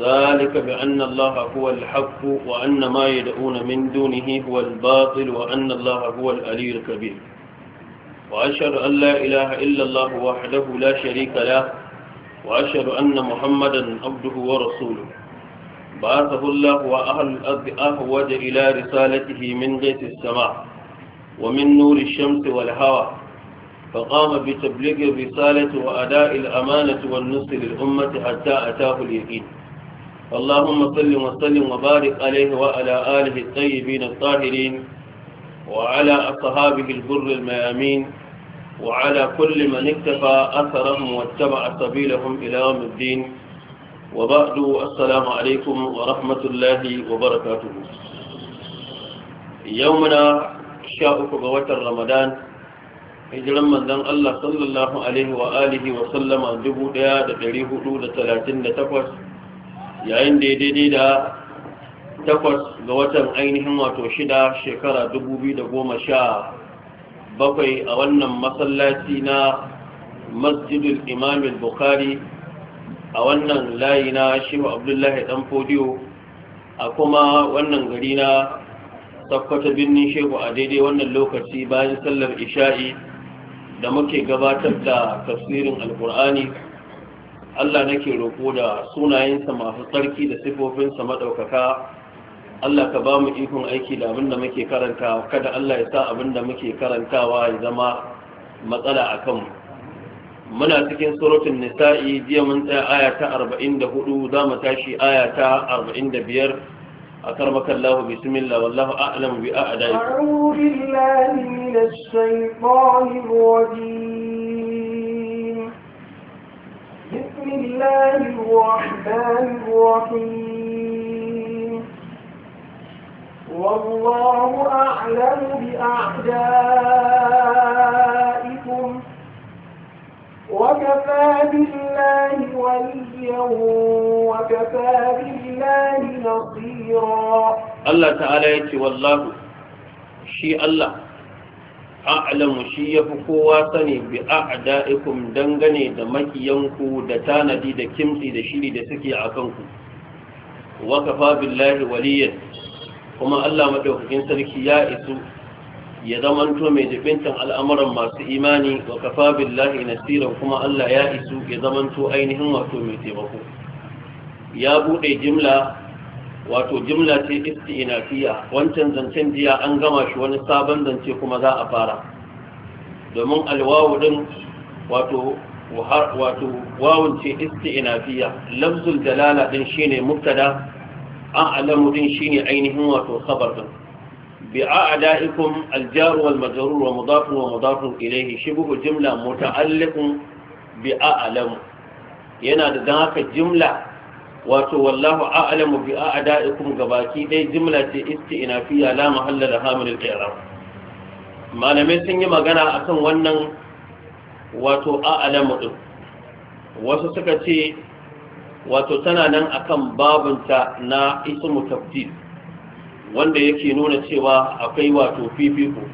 ذلك بأن الله هو الحق وأن ما يدعون من دونه هو الباطل وأن الله هو الألي الكبير وأشهد أن لا إله إلا الله وحده لا شريك له وأشهد أن محمدا عبده ورسوله بعثه الله وأهل الأرض أهود إلى رسالته من بيت السماء ومن نور الشمس والهوى فقام بتبليغ الرسالة وأداء الأمانة والنصر للأمة حتى أتاه اليقين اللهم صل وسلم وبارك عليه وعلى آله الطيبين الطاهرين وعلى أصحابه البر الميامين وعلى كل من اكتفى أثرهم واتبع سبيلهم إلى يوم الدين وبعد السلام عليكم ورحمة الله وبركاته يومنا شاءك بوات رمضان الله صلى الله عليه واله وسلم alaihi wa alihi wa ثلاثين 1438 yayin da ya daidai da takwas ga watan ainihin wato shida shekara dubu biyu da goma sha bakwai a wannan masallaci na masjidul imamil bukhari a wannan layi na shehu abdullahi dan fodiyo a kuma wannan gari na sakwata birnin shehu a daidai wannan lokaci bayan sallar isha'i da muke gabatar da tafsirin alkur'ani Allah nake roƙo da sunayensa masu tsarki da sifofinsa maɗaukaka Allah ka ba mu ikon aiki da abin da muke karantawa kada Allah ya sa abin da muke karantawa ya zama matsala a kanmu muna cikin surutun nisa'i jiya mun tsaya aya ta 44 za mu tashi aya ta 45 a karmakan lahu bismillah wallahu a'lamu bi a'daikum a'udhu billahi minash shaitanir الله الرحمن الرحيم والله أعلم بأعدائكم وكفى بالله وليا وكفى بالله نصيرا الله تعالى يتي والله شيء الله a'lamu shi yafi kowa sani bi a'da'ikum dangane da makiyanku da tanadi da kimtsi da shiri da suke a kanku wa kafa billahi waliyan kuma Allah madaukakin sarki ya isu ya zamanto mai jibintan al'amuran masu imani wa kafa billahi nasiran kuma Allah ya isu ya zamanto ainihin wato mai taimako ya bude jimla wato jimla ce isti'inafiya wancan zancen jiya an gama shi wani sabon zance kuma za a fara domin alwawu din wato wato wawun ce isti'inafiya lafzul dalala din shine mubtada an alamu din shine ainihin wato khabar din bi a'da'ikum aljar wal majrur wa mudaf wa mudaf ilayhi shibhu jumla muta'alliqun bi a'lamu yana da dan haka jumla wato wallahu a'lamu bi a'da'ikum gabaki dai jumla ce isti'nafiya la mahalla la hamil al-i'rab malamai sun yi magana akan wannan wato a'lamu din wasu suka ce wato tana nan akan babunta na ismu tafdid wanda yake nuna cewa akwai wato fifiko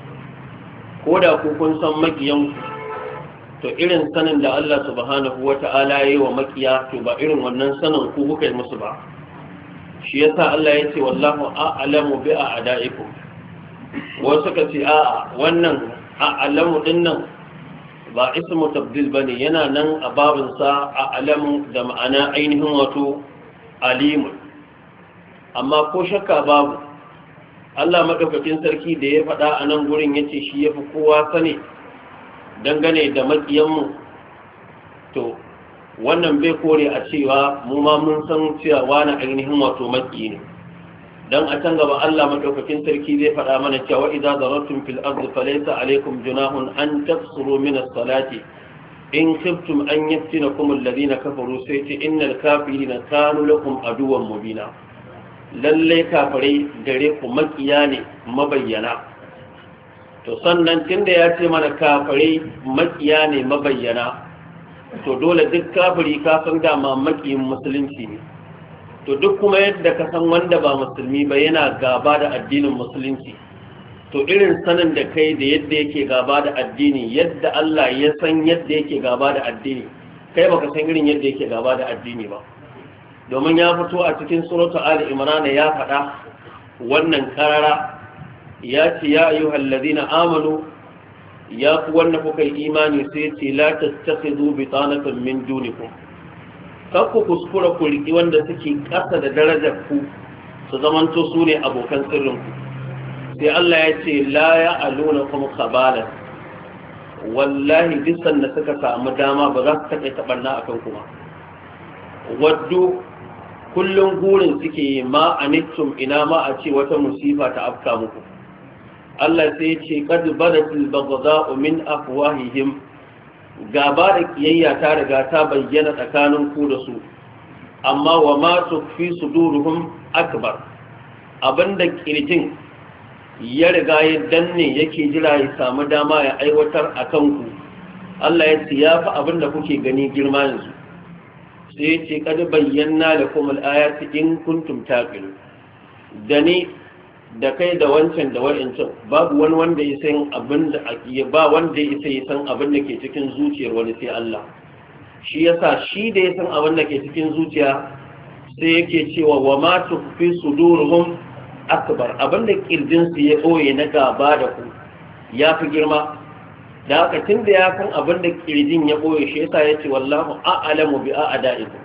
koda ku kun san magiyanku? to irin sanin da Allah subhanahu ya yi wa makiya to ba irin wannan sanin ku kuka yi musu ba shi yasa Allah ya ce wallahu a'lamu bi a'daikum wasu ka ce a'a wannan a'lamu din nan ba ismu tabdil bane yana nan a babin sa a'lamu da ma'ana ainihin wato alimu amma ko shakka babu Allah madaukakin sarki da ya faɗa a nan gurin yace shi yafi kowa sani dangane da makiyanmu to wannan bai kore a cewa mu ma mun san cewa wani ainihin wato maki ne dan a can gaba Allah madaukakin sarki zai faɗa mana cewa idza daratum fil ardi falaysa alaykum junahun an tafsuru min as-salati in khiftum an yaftinakum alladhina kafaru sai ce innal kafirina kanu lakum aduwwan mubina lalle kafirai gare ku makiya ne mabayyana to sannan tunda ya ce mana kafare makiya ne mabayyana to dole duk kafiri ka san dama makiyin musulunci ne to duk kuma yadda ka san wanda ba musulmi ba yana gaba da addinin musulunci to irin sanin da kai da yadda yake gaba da addini yadda Allah ya san yadda yake gaba da addini kai baka san irin yadda yake gaba da addini ba domin ya fito a cikin suratul ali imran ya faɗa wannan karara ya ce ya ayu hallazina amanu ya ku wanda kuka imani sai ce la tattakhidhu bitanatan min dunikum kar ku kuskura ku riki wanda suke ƙasa da darajar ku su zamanto su ne abokan sirrinku. sai Allah ya ce la ya aluna kuma Kabala? wallahi duk da suka samu dama ba za su taɓa taɓarna a kan kuma waddu kullum gurin suke ma anittum ina ma a ce wata musifa ta afka muku Allah sai ya ce kad badatil baghdha'u min afwahihim gaba da kiyayya ta riga ta bayyana tsakanin ku da su amma wa ma su suduruhum akbar abinda kirjin ya riga ya danne yake jira ya samu dama ya aiwatar a kanku Allah ya ce ya fi abinda kuke gani girma yanzu sai ya ce 'Kadu bayyana lakum al in kuntum taqilun da ni da kai da wancan da wa'ancan babu wani wanda ya san abin da ba wanda ya isa san abin da ke cikin zuciyar wani sai Allah shi yasa shi da ya san abin da ke cikin zuciya sai yake cewa wa ma tukfi suduruhum akbar abin da kirjin su ya boye na gaba da ku ya fi girma da haka tun da ya san abin da kirjin ya boye shi yasa yace wallahu a'lamu bi a'da'ikum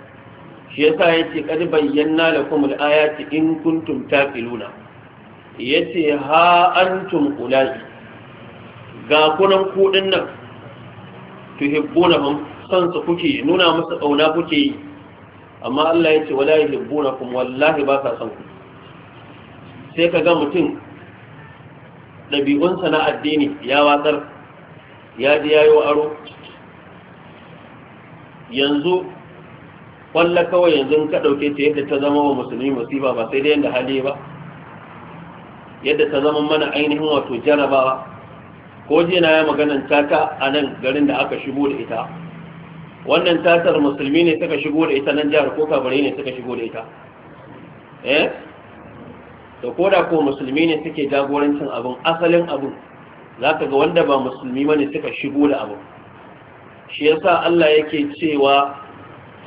shi yasa yace qad bayyana lakum al-ayati in kuntum taqiluna ya ce ha antum ulai ga kunan kuɗin nan tuhibbunahum san su kuke nuna masa ƙauna kuke yi amma Allah ya ce wala kuma, wallahi ba sa san ku sai ka ga mutum ɗabi'unsa na addini ya watsar ya ji yayo aro yanzu kwalla kawai yanzu ka ɗauke ta yadda ta zama wa musulmi musiba ba sai dai yadda hali ba yadda ta zama mana ainihin wato jarabawa ko jina na ya maganan tata a nan garin da aka shigo da ita wannan tatar musulmi ne suka shigo da ita nan jihar ko kabari ne suka shigo da ita eh to ko da ko musulmi ne suke jagorancin abin asalin abin za ka ga wanda ba musulmi ba ne suka shigo da abin shi yasa Allah yake cewa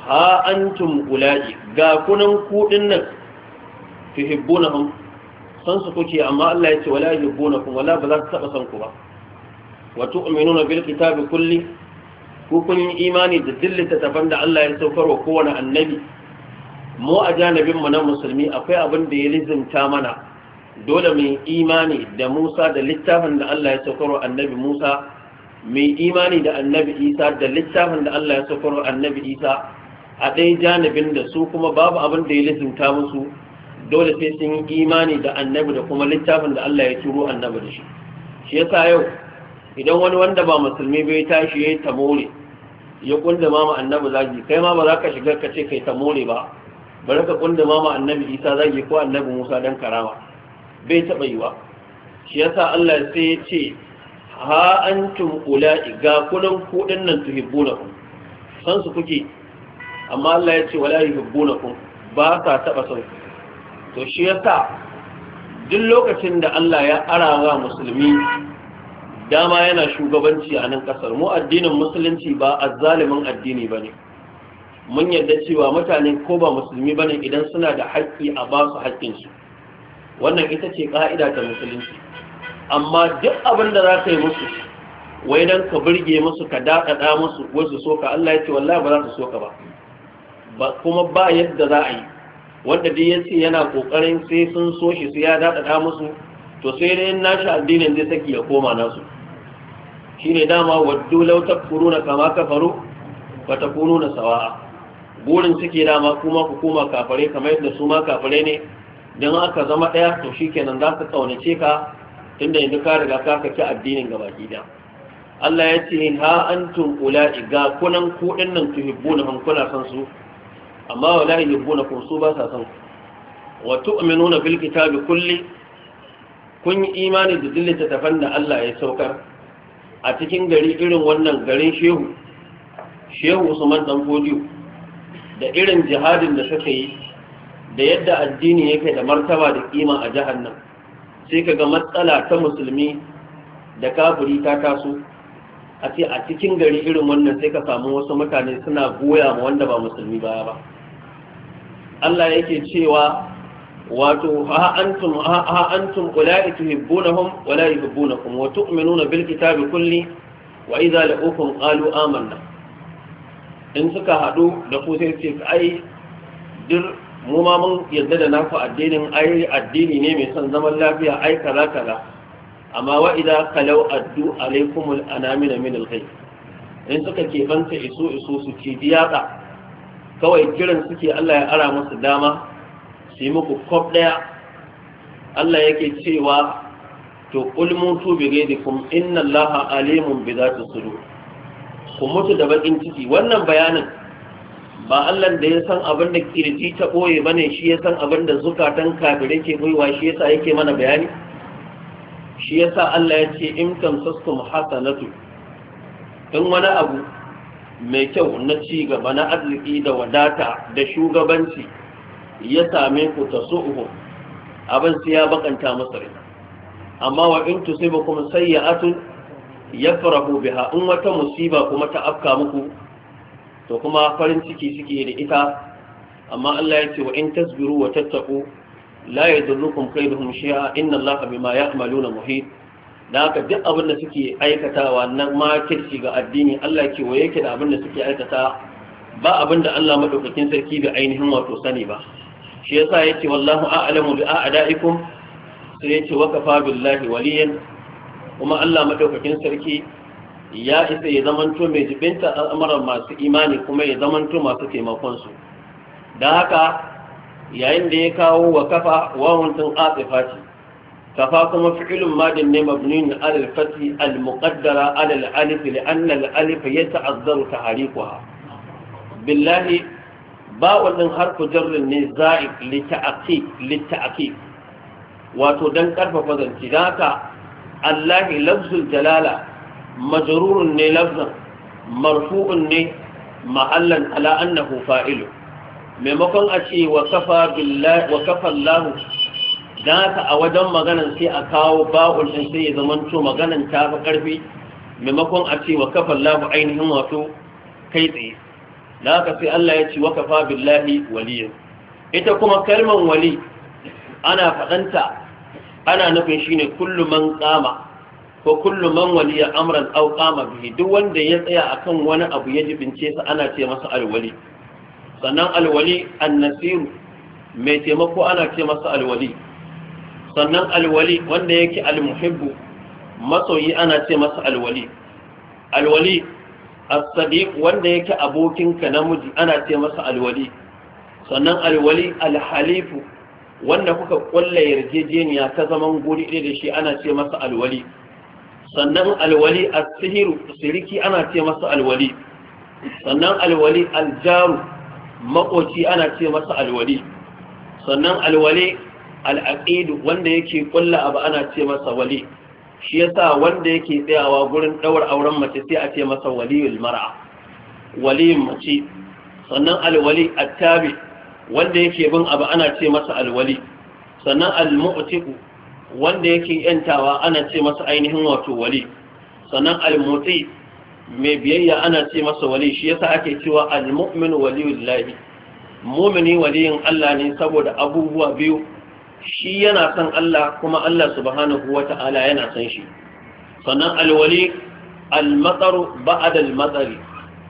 ha antum ulai ga kunan kudin nan tuhibbunahum san su kuke amma Allah ya ce wala kuma wala ba za su taba san ku ba wa tu'minuna bil kitabi kulli ku kun yi imani da dillata taban da Allah ya saukar wa kowane annabi mu a janibin mu na musulmi akwai abin da ya lizimta mana dole mu imani da Musa da littafin da Allah ya saukar wa annabi Musa mu imani da annabi Isa da littafin da Allah ya saukar wa annabi Isa a ɗaya janabin da su kuma babu abin da ya lizimta musu dole sai sun yi imani da annabi da kuma littafin da Allah ya turo annabi da shi shi yasa yau idan wani wanda ba musulmi bai tashi yayi tamore ya kunda mama annabi zaji kai ma ba za ka shiga ka ce kai tamore ba bari ka kunda mama annabi Isa zaji ko annabi Musa dan karama bai taba yiwa shi yasa Allah sai ya ce ha antum ula'i ga kullun ku dinnan tuhibbunakum san su kuke amma Allah ya ce wala yuhibbunakum ba ka taba sauki to shi yasa duk lokacin da Allah ya arawa musulmi dama yana shugabanci a nan kasar mu addinin musulunci ba azzalimin addini bane mun yadda cewa mutane ko ba musulmi bane idan suna da haƙƙi a ba su haƙƙin su wannan ita ce ka'ida ta musulunci amma duk abin da za ka yi musu wai don ka burge musu ka daɗaɗa musu wasu soka Allah ya ce wallahi ba za su soka ba kuma ba yadda za a yi wanda dai ya ce yana kokarin sai sun so shi sai ya daɗaɗa musu to sai dai nashi addinin zai saki ya koma nasu shine dama waddu law takfuruna kama kafaru wa takununa sawa'a burin suke dama kuma ku koma kafare kamar yadda su ma kafare ne dan aka zama ɗaya to shikenan za ka kaunace ka tunda yanzu ka riga ka kaki addinin gaba gida Allah ya ce ha antum ula'i ga kunan ku dinnan tuhibbu han kuna san su amma wa la yuhibbunakum su ba sa san wa tu'minuna bil kitabi kulli kun yi imani da dillata tafan da Allah ya saukar a cikin gari irin wannan garin shehu shehu Usman dan Fodiyo da irin jihadin da suka yi da yadda addini yake da martaba da kima a jahannam sai kaga matsala ta musulmi da kafiri ta taso a cikin gari irin wannan sai ka samu wasu mutane suna goya ma wanda ba musulmi baya ba Allah yake cewa wato ha antum ha antum ulai tuhibbunahum wa la yuhibbunakum wa tu'minuna bil kitabi kulli wa idza la'ukum qalu amanna in suka hadu da ku sai ce ai dir mu ma mun yadda da naku addinin ai addini ne mai son zaman lafiya ai kaza kaza amma wa idza kalau addu alaikumul anamina min alghayb in suka banta iso iso su ci diyaka kawai kiran suke Allah ya ara musu dama su yi muku kwaf ɗaya Allah yake cewa to mutu bi gaidikum inna allaha alimun bi zati sudu ku mutu da bakin ciki wannan bayanin ba Allah da ya san abin da kirji ta boye bane shi ya san abin da zukatan kafirai ke buiwa shi yasa yake mana bayani shi yasa Allah ya ce in tamsaskum hasanatu in wani abu mai kyau na ci gaba na arziki da wadata da shugabanci ya same ku ta uku abin sai ya bakanta masa rai amma wa in atu ya yafrahu biha in wata musiba kuma ta afka muku to kuma farin ciki suke da ita amma Allah ya ce wa in tasbiru wa tattaku la yadurrukum kayduhum shay'a inna Allaha bima ya'maluna muhit da haka duk abin da suke aikatawa na makirci ga addini Allah ke waye yake da abin da suke aikata ba abin da Allah madaukakin sarki da ainihin wato sani ba shi yasa yake wallahu a'lamu bi a'daikum sai yake wa kafa billahi waliyan kuma Allah madaukakin sarki ya isa ya zamanto mai jibinta al'amuran masu imani kuma ya zamanto masu taimakon su da haka yayin da ya kawo wa kafa wawun tun kafa kuma fi'ilun madin ne mabni na alifati almuqaddara ala alifi li annal alifi ya ta'azzaru tahriquha billahi ba wannan harfu jarri ne za'iq li ta'aqiq li ta'aqiq wato dan ƙarfafa zanci allahi lafzul jalala majrurun ne lafzan marfu'un ne ma'allan ala annahu fa'ilu maimakon a ce wa kafa billahi don haka a wajen maganan sai a kawo ba'ul ɗin sai ya zama to maganan ta fi ƙarfi maimakon a ce wa kafa labu ainihin wato kai tsaye don haka sai Allah ya ce wa kafa billahi waliyin ita kuma kalmar wali ana faɗanta ana nufin shine kullu man ko kulluman man waliya amran aw bihi duk wanda ya tsaya akan wani abu ya jibince sa ana ce masa alwali sannan alwali annasiru mai taimako ana ce masa alwali sannan alwali wanda yake almuhibbu matsoyi ana ce masa alwali alwali as-sadiq wanda yake abokinka namiji ana ce masa alwali sannan alwali alhalifu wanda kuka kulla yarjejeniya ta zaman guri ɗaya da shi ana ce masa alwali sannan alwali as-sihiru siriki ana ce masa alwali sannan alwali aljaru makoci ana ce masa alwali sannan alwali al wanda yake kulla abu ana ce masa wali shi sa wanda yake tsayawa gurin daur auren mace sai a ce masa waliyul mar'a waliyin mace sannan alwali Attabi, tabi wanda yake bin abu ana ce masa alwali. sannan al wanda yake yantawa ana ce masa ainihin wato wali sannan al-muti mai biyayya ana ce masa wali shi yasa ake cewa almumin wali waliyullahi mu'mini waliyin Allah ne saboda abubuwa biyu shi yana san Allah kuma Allah subhanahu wata'ala yana san shi sannan alwali almatsaru ba'adal matsari.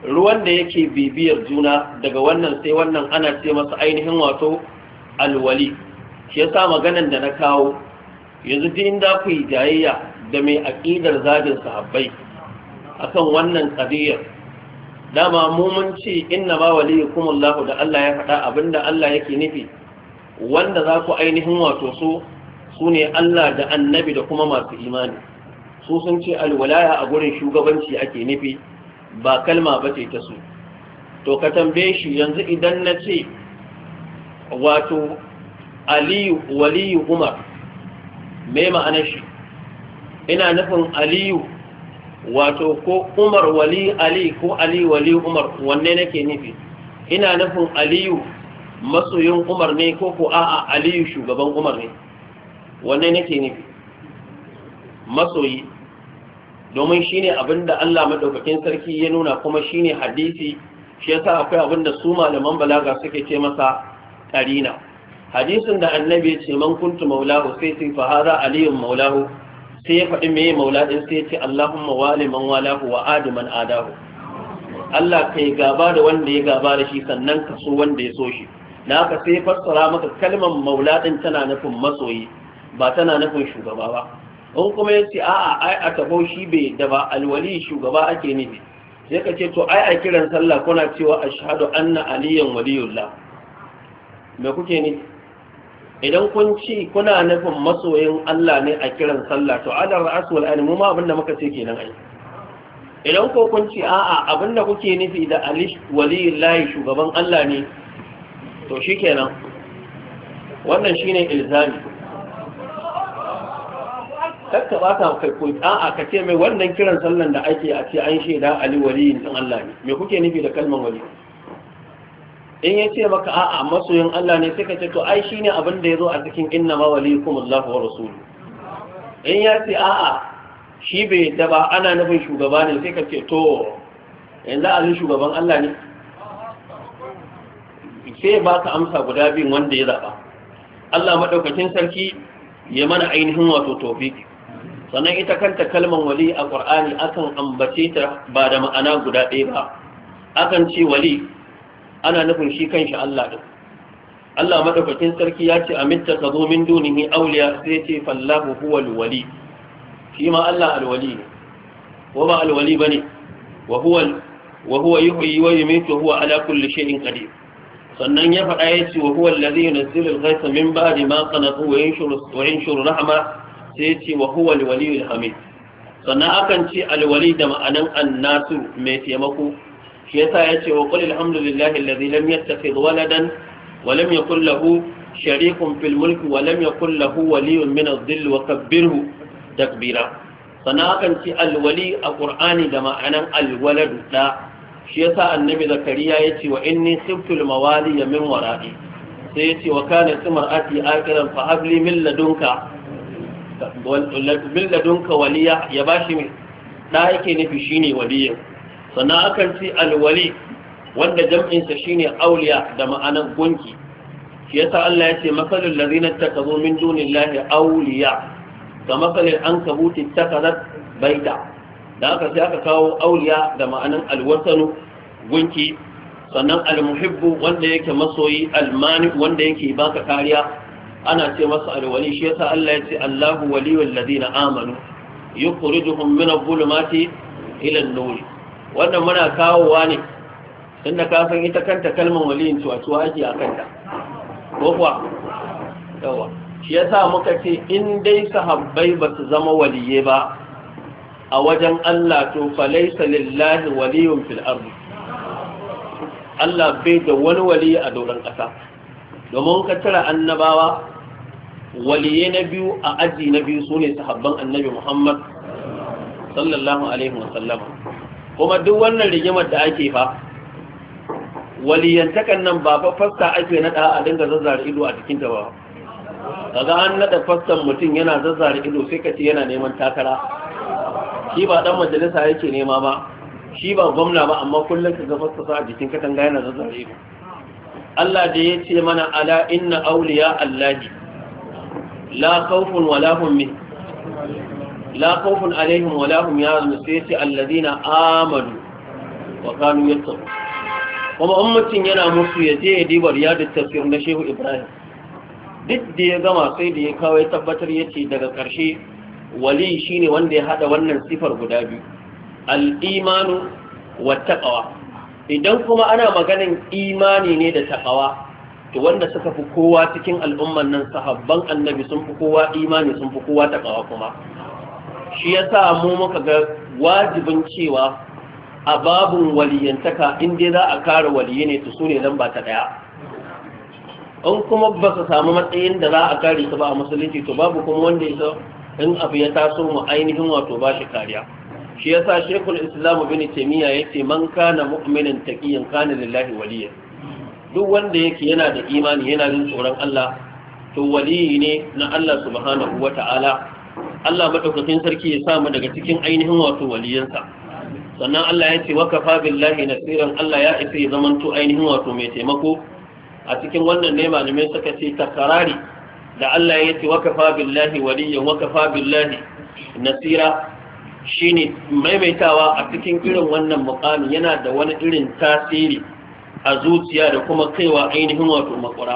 ruwan da yake bibiyar juna daga wannan sai wannan ana ce masa ainihin wato alwali shi yasa maganan da na kawo yanzu duk inda ku yi jayayya da mai aƙidar zabin sahabbai akan wannan qadiya dama mu mun ce inna ma waliyukum da Allah ya faɗa abinda Allah yake nufi wanda za ku ainihin wato so su ne Allah da annabi da kuma masu imani su sun ce alwalaya a gurin shugabanci ake nufi ba kalma ba ce ta su to ka tambaye shi yanzu idan na ce wato aliyu waliyu umar me ma'anar shi ina nufin aliyu wato ko umar wali ali ko ali wali umar wanne nake nufi ina nufin aliyu matsoyin umar ne ko ko a'a aliyu shugaban umar ne wanne nake nufi matsoyi domin shine abinda Allah madaukakin sarki ya nuna kuma shine hadisi shi yasa akwai abinda su malaman balaga suke ce masa karina hadisin da annabi ya ce man kuntu maulahu sai sai fa hada aliyun maulahu sai ya faɗi meye maula din sai ya ce Allahumma wali man walahu wa adiman adahu Allah kai gaba da wanda ya gaba da shi sannan ka so wanda ya so shi da ka sai fassara maka kalmar maula din tana nufin masoyi ba tana nufin shugaba ba in kuma ya ce a'a ai a tabo shi bai da ba alwali shugaba ake nufi sai ka ce to ai a kiran sallah kuna cewa ashhadu anna aliyan waliyullah me kuke ni idan kun ci kuna nufin masoyin Allah ne a kiran sallah to ala wal mu ma abinda muka ce kenan ai idan ko kun ci a'a abinda kuke nufi da ali waliyullah shugaban Allah ne to shi kenan wannan shi ne ilzami kakka ba ta kai ko a'a ka ce mai wannan kiran sallan da ake a ce an shaida ali waliyin din Allah ne me kuke nufi da kalmar wali in ya ce maka a'a masoyin Allah ne sai ka ce to ai ne abin da yazo a cikin inna ma waliyukumullahu wa rasuluhu in ya ce a'a shi bai yadda ba ana nufin shugaba ne sai ka ce to yanzu ali shugaban Allah ne sai ba ka amsa guda biyun wanda ya zaɓa Allah maɗaukacin sarki ya mana ainihin wato tofik sannan ita kanta kalman wali a ƙwar'ani akan ambace ta ba da ma'ana guda ɗaya ba akan ce wali ana nufin shi kanshi Allah ɗin Allah maɗaukacin sarki ya ce amitta ka zo min dunihi auliya sai ce fallahu huwa alwali shi ma Allah alwali ne ko ba alwali bane wa huwa wa huwa yuhyi wa yumiitu huwa ala kulli shay'in qadir sannan ya faɗa ya ce wa huwa allazi yunzilu al-ghaytha min ba'di ma qanatu wa yanshuru wa yanshuru sai ce wa huwa al sannan akan ce alwali da ma'anan an mai taimako shi yasa ya ce wa qul alhamdulillahi allazi lam yattakhidh waladan wa lam yakul lahu sharikun fil mulki wa lam yakul lahu waliyun min adh takbira sannan akan ce alwali a qur'ani da ma'anan al-waladu shi yasa annabi zakariya yace wa inni khiftul mawali min wara'i sai yace wa kana timarati aqiran fa habli min ladunka min ladunka waliya ya bashi mai da yake nufi shine waliyin sannan akan ce alwali wanda jam'in sa shine auliya da ma'anar gunki shi yasa Allah yace masalul ladina takazu min dunillahi awliya kama kalil ankabuti takazat baita da aka sai aka kawo auliya da ma'anin alwatanu gunki sannan almuhibbu wanda yake masoyi almani wanda yake baka kariya ana ce masa alwali shi yasa Allah ya ce Allahu waliyul ladina amanu yukhrijuhum min adh-dhulumati ila an-nur wannan muna kawowa ne tunda ka san ita kanta kalmar waliyin to a tuwa waje a kanta. ko kuwa yawa shi yasa muka ce in dai sahabbai ba su zama waliye ba a wajen Allah to falaisa lillahi waliyun fil ardi Allah bai da wani wali a doron ƙasa domin ka tara annabawa waliye na biyu a aji na biyu sune sahabban annabi Muhammad sallallahu alaihi wa sallam. kuma duk wannan rigimar da ake fa waliyantakan nan ba fa fasta ake nada a dinga zazzara ido a cikin ta ba kaga an nada fastan mutum yana zazzara ido sai ka ce yana neman takara shi ba dan majalisa yake nema ba shi ba gwamna ba amma kullum ka ga fassa a jikin katanga yana zazzare ba Allah da ya ce mana ala inna awliya allahi la khawfun wala hum min la khawfun alaihim wala hum yahzanun sai ce amanu wa kanu yattaqun kuma ummatin yana musu ya je ya diba riyadu tafsir na Shehu Ibrahim duk da ya gama sai da ya kawo ya tabbatar ya ce daga ƙarshe wali shine wanda ya hada wannan sifar guda biyu al-imanu wa taqwa idan kuma ana maganin imani ne da taqwa to wanda suka fi kowa cikin al'umman nan sahabban annabi sun fi kowa imani sun fi kowa taqwa kuma shi yasa mu muka ga wajibin cewa a waliyantaka in dai za a kare waliyi ne to sune lamba ta daya in kuma ba su samu matsayin da za a kare su ba a musulunci to babu kuma wanda ya in abu ya taso mu ainihin wato ba shi kariya shi yasa shekul islam bin ya yace man kana mu'minin taqiyan kana lillahi waliya duk wanda yake yana da imani yana jin tsoron Allah to waliyi ne na Allah subhanahu wata'ala Allah madaukakin sarki ya samu daga cikin ainihin wato waliyansa sannan Allah ya ce wa kafa billahi nasiran Allah ya isa ya zamanto ainihin wato mai taimako a cikin wannan ne malamai suka ce takarari da Allah ya ce wakafa billahi waliyan wakafa billahi nasira shine maimaitawa a cikin irin wannan mukami yana da wani irin tasiri a zuciya da kuma kaiwa ainihin wato makura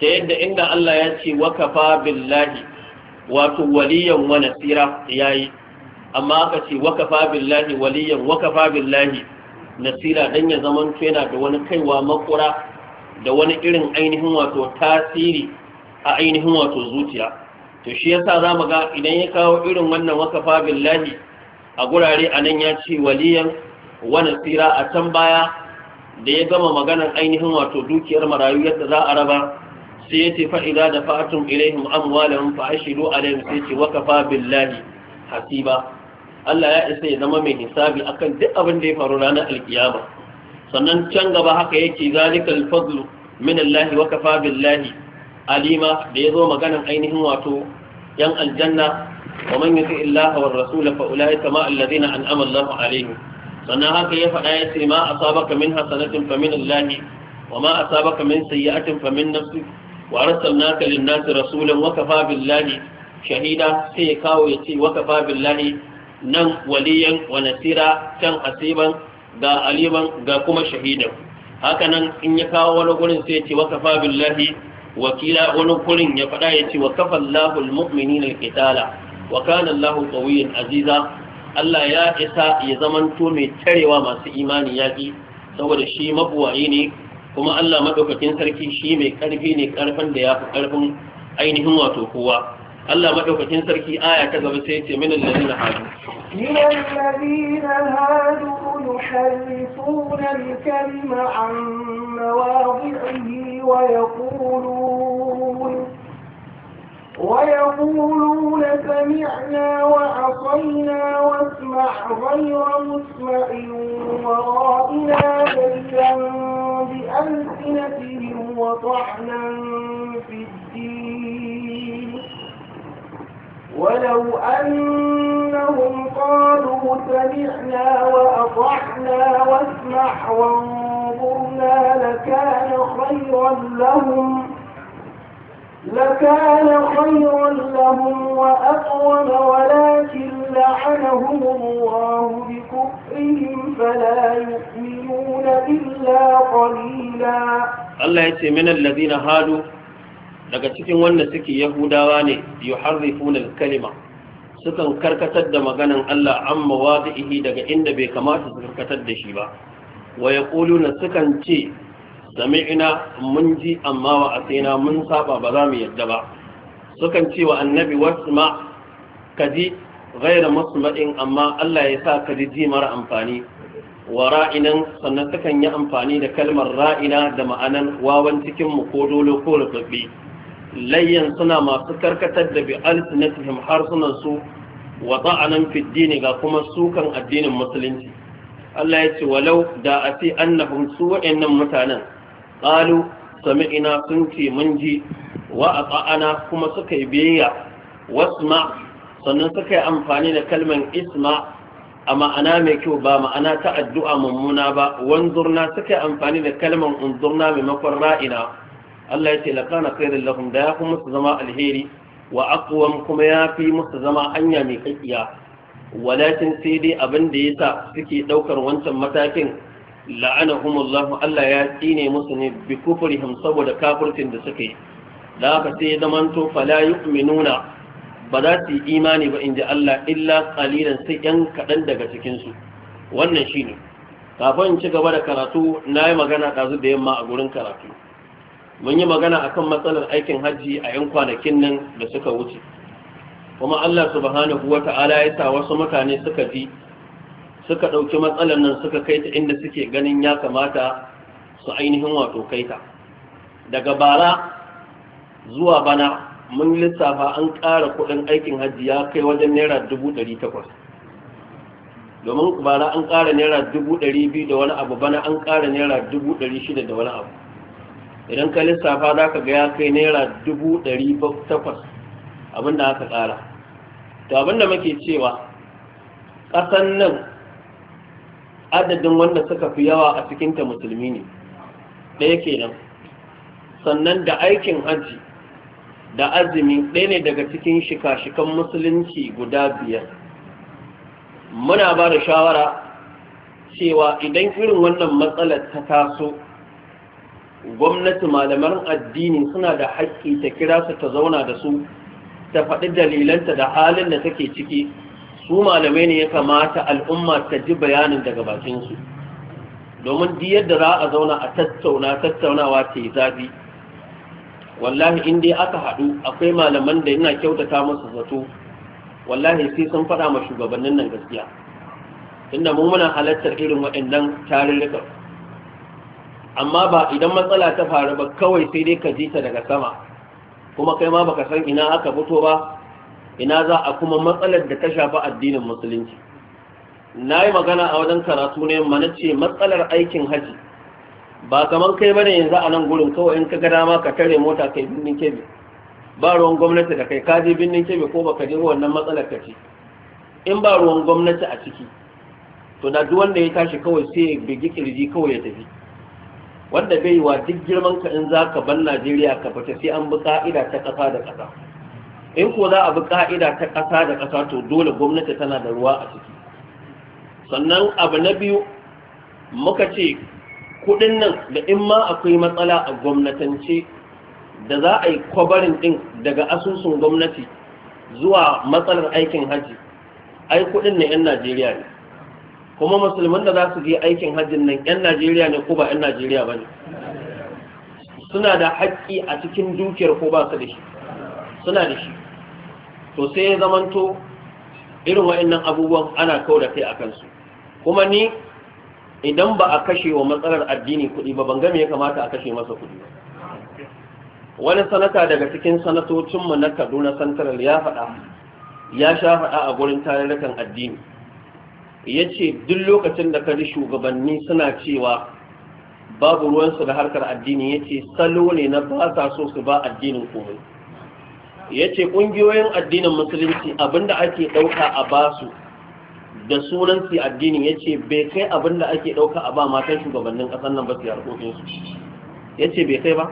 ta yadda inda Allah ya ce wakafa billahi wato waliyan wa nasira yayi amma aka ce wakafa billahi waliyan wakafa billahi nasira dan ya zaman yana da wani kaiwa makura da wani irin ainihin wato tasiri a ainihin wato zuciya to shi yasa za mu ga idan ya kawo irin wannan wakafa billahi a gurare a nan ya ce waliyan wani tsira a can baya da ya gama maganar ainihin wato dukiyar marayu yadda za a raba sai ya ce fa'ida da fa'atun ilaihim amwalahum fa ashidu alaihim sai ce wakafa billahi hasiba Allah ya isa ya zama mai hisabi akan duk abin da ya faru ranar alkiyama sannan can gaba haka yake zalikal fadlu min Allah wa kafa billahi alima da ya zo maganan ainihin wato yan aljanna wa man yuti illaha war rasul fa ulaika ma alladhina an'ama Allahu alaihim sannan haka ya faɗa ya ce ma asabaka min hasanatin fa min Allah wa ma asabaka min sayyi'atin fa min nafsi wa arsalnaka lin-nasi rasulan wa kafa billahi shahida sai ya kawo ya ce wa kafa billahi nan waliyan wa nasira can asiban ga aliman ga kuma shahidan haka nan in ya kawo wani gurin sai ya ce wa kafa billahi wakila wani kurin ya faɗa ya ce wa kafa Allahul mu'minin alƙitala wa kana Allahu aziza Allah ya isa ya zamanto mai tarewa masu imani yaƙi saboda shi mabuwayi ne kuma Allah madaukakin sarki shi mai ƙarfi ne ƙarfin da ya fi ƙarfin ainihin wato kowa Allah madaukakin sarki aya ta gaba sai ce minal ladina hadu minal ladina hadu yuharrifuna al-kalima an mawadhihi wa yaqulun ويقولون سمعنا وعصينا واسمع غير مسمع ورائنا بيتا بألسنتهم وطعنا في الدين ولو أنهم قالوا سمعنا وأطعنا واسمع وانظرنا لكان خيرا لهم لكان خيرا لهم وأقوم ولكن لعنهم الله بكفرهم فلا يؤمنون إلا قليلا الله يتمنى الذين هادوا daga cikin wanda suke yahudawa ne yuharrifuna al-kalima sukan karkatar da maganan Allah an mawadihi daga inda bai kamata su karkatar da shi ba wa yaquluna sukan ce sami'na mun ji amma wa asina mun saba ba za mu yadda ba sukan ce wa annabi wasma kaji ghaira musma'in amma Allah ya sa kaji ji mara amfani wa ra'inan sannan sukan yi amfani da kalmar ra'ina da ma'anan wawan cikin mukodolo ko dole ko layyan suna masu karkatar da bi alsinatihim harsunan su wa ta'anan fi ga kuma sukan addinin musulunci Allah ya ce walau da a ce su wa'annan mutanen sami ina sun ce mun ji wa ata'ana kuma suka yi biyayya wasma sannan suka yi amfani da kalman isma a ma'ana mai kyau ba ma'ana ta addu'a mummuna ba wanzurna suka yi amfani da kalman unzurna maimakon ra'ina Allah ya ce lakana khairin lahum da ya fi musu zama alheri wa aqwam kuma ya fi musu zama hanya mai kakkiya walakin sai dai abin da sa suke ɗaukar wancan matakin la'anahumullah Allah ya tsine musu ne bi kufurihim saboda kafircin da suke da haka sai ya zamanto fala yu'minuna ba za su yi imani ba inji Allah illa qalilan sai yan kaɗan daga cikin su wannan shine kafin ci gaba da karatu na yi magana ɗazu da yamma a gurin karatu mun yi magana akan matsalar aikin hajji a 'yan kwanakin nan da suka wuce kuma Allah subhanahu wata'ala ta'ala ya sa wasu mutane suka ji suka ɗauki matsalar nan suka kai ta inda suke ganin ya kamata su ainihin wato kai ta daga bara zuwa bana mun lissafa an ƙara kuɗin aikin hajji ya kai wajen naira dubu ɗari takwas domin bara an ƙara naira dubu ɗari biyu da wani abu bana an ƙara naira dubu ɗari shida da wani abu idan ka lissafa za ka ga ya kai naira dubu ɗari takwas abinda aka tsara to abinda muke cewa ƙasan nan adadin wanda suka fi yawa a cikinta musulmi ne ɗaya kenan sannan da aikin aji da azumi ɗaya ne daga cikin shika-shikan musulunci guda biyar muna ba da shawara cewa idan irin wannan matsalar ta taso gwamnati malaman addini suna da haƙƙi ta kira su ta zauna da su ta faɗi dalilanta da halin da take ciki su malamai ne ya kamata al'umma ta ji bayanin daga bakinsu domin di yadda za a zauna a tattauna tattaunawa ta yi zafi wallahi in dai aka haɗu akwai malaman da yana kyautata masu zato wallahi sai sun faɗa ma shugabannin nan gaskiya inda mu muna halartar irin waɗannan tarurrukan amma ba idan matsala ta faru ba kawai sai dai ka ji ta daga sama kuma kai ma baka san ina aka fito ba ina za a kuma matsalar da ta shafi addinin musulunci na yi magana a wajen karatu ne mana ce matsalar aikin haji ba kamar kai bane yanzu a nan gurin kawai in ka gada dama ka tare mota kai birnin kebe ba ruwan gwamnati da kai ka je birnin kebe ko ka je wannan matsalar ka ce in ba ruwan gwamnati a ciki to da duk wanda ya tashi kawai sai ya bigi kirji kawai ya tafi wanda bai wa duk girman ka in zaka ban Najeriya ka fita sai an bi ka'ida ta ƙasa da ƙasa in ko za a bi ka'ida ta ƙasa da ƙasa to dole gwamnati tana da ruwa a ciki sannan abu na biyu muka ce kudin nan da in ma akwai matsala a gwamnatance da za a yi kwabarin din daga asusun gwamnati zuwa matsalar aikin hajji ai kudin na 'yan najeriya ne kuma musulman da za su je aikin hajjin nan 'yan najeriya ne ko ba 'yan najeriya ba ne suna da haƙƙi a cikin dukiyar ko ba su da shi suna da shi to sai ya zamanto irin wa'annan abubuwan ana kawo da kai a kansu kuma ni idan ba a kashe wa matsalar addini kuɗi ba ban ya kamata a kashe masa kuɗi ba wani sanata daga cikin sanatocinmu na kaduna central ya faɗa ya sha faɗa a gurin tarurrukan addini ya ce duk lokacin da ka ji shugabanni suna cewa babu ruwansu da harkar addini ya ce salo ne na ba ta so su ba addinin komai ya ce ƙungiyoyin addinin musulunci abinda ake ɗauka a basu da sunan su addini ya ce bai kai abinda ake ɗauka a ba matan shugabannin ƙasar nan ba su harkokinsu ya ce bai kai ba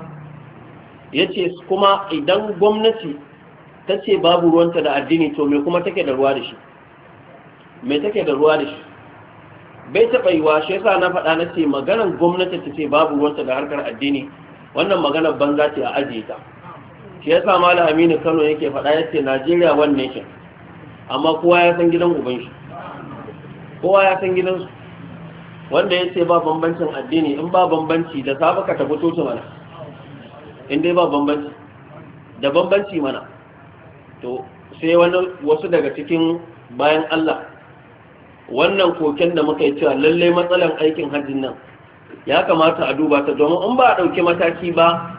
ya ce kuma idan gwamnati ta ce babu ruwanta da addini to me kuma take da ruwa da shi mai take da ruwa da shi bai taɓa wa shi yasa na faɗa na ce maganar gwamnati ta ce babu ruwanta da harkar addini wannan maganar banza ce a ajiye ta shi yasa malam aminu kano yake faɗa ya ce najeriya one nation amma kowa ya san gidan uban shi kowa ya san gidansu wanda ya ce ba bambancin addini in ba bambanci da sabu ka tafi tutu mana in dai ba bambanci da bambanci mana to sai wani wasu daga cikin bayan Allah wannan koken da muka yi cewa lalle matsalan aikin hajjin nan ya kamata a duba ta domin in ba a ɗauki mataki ba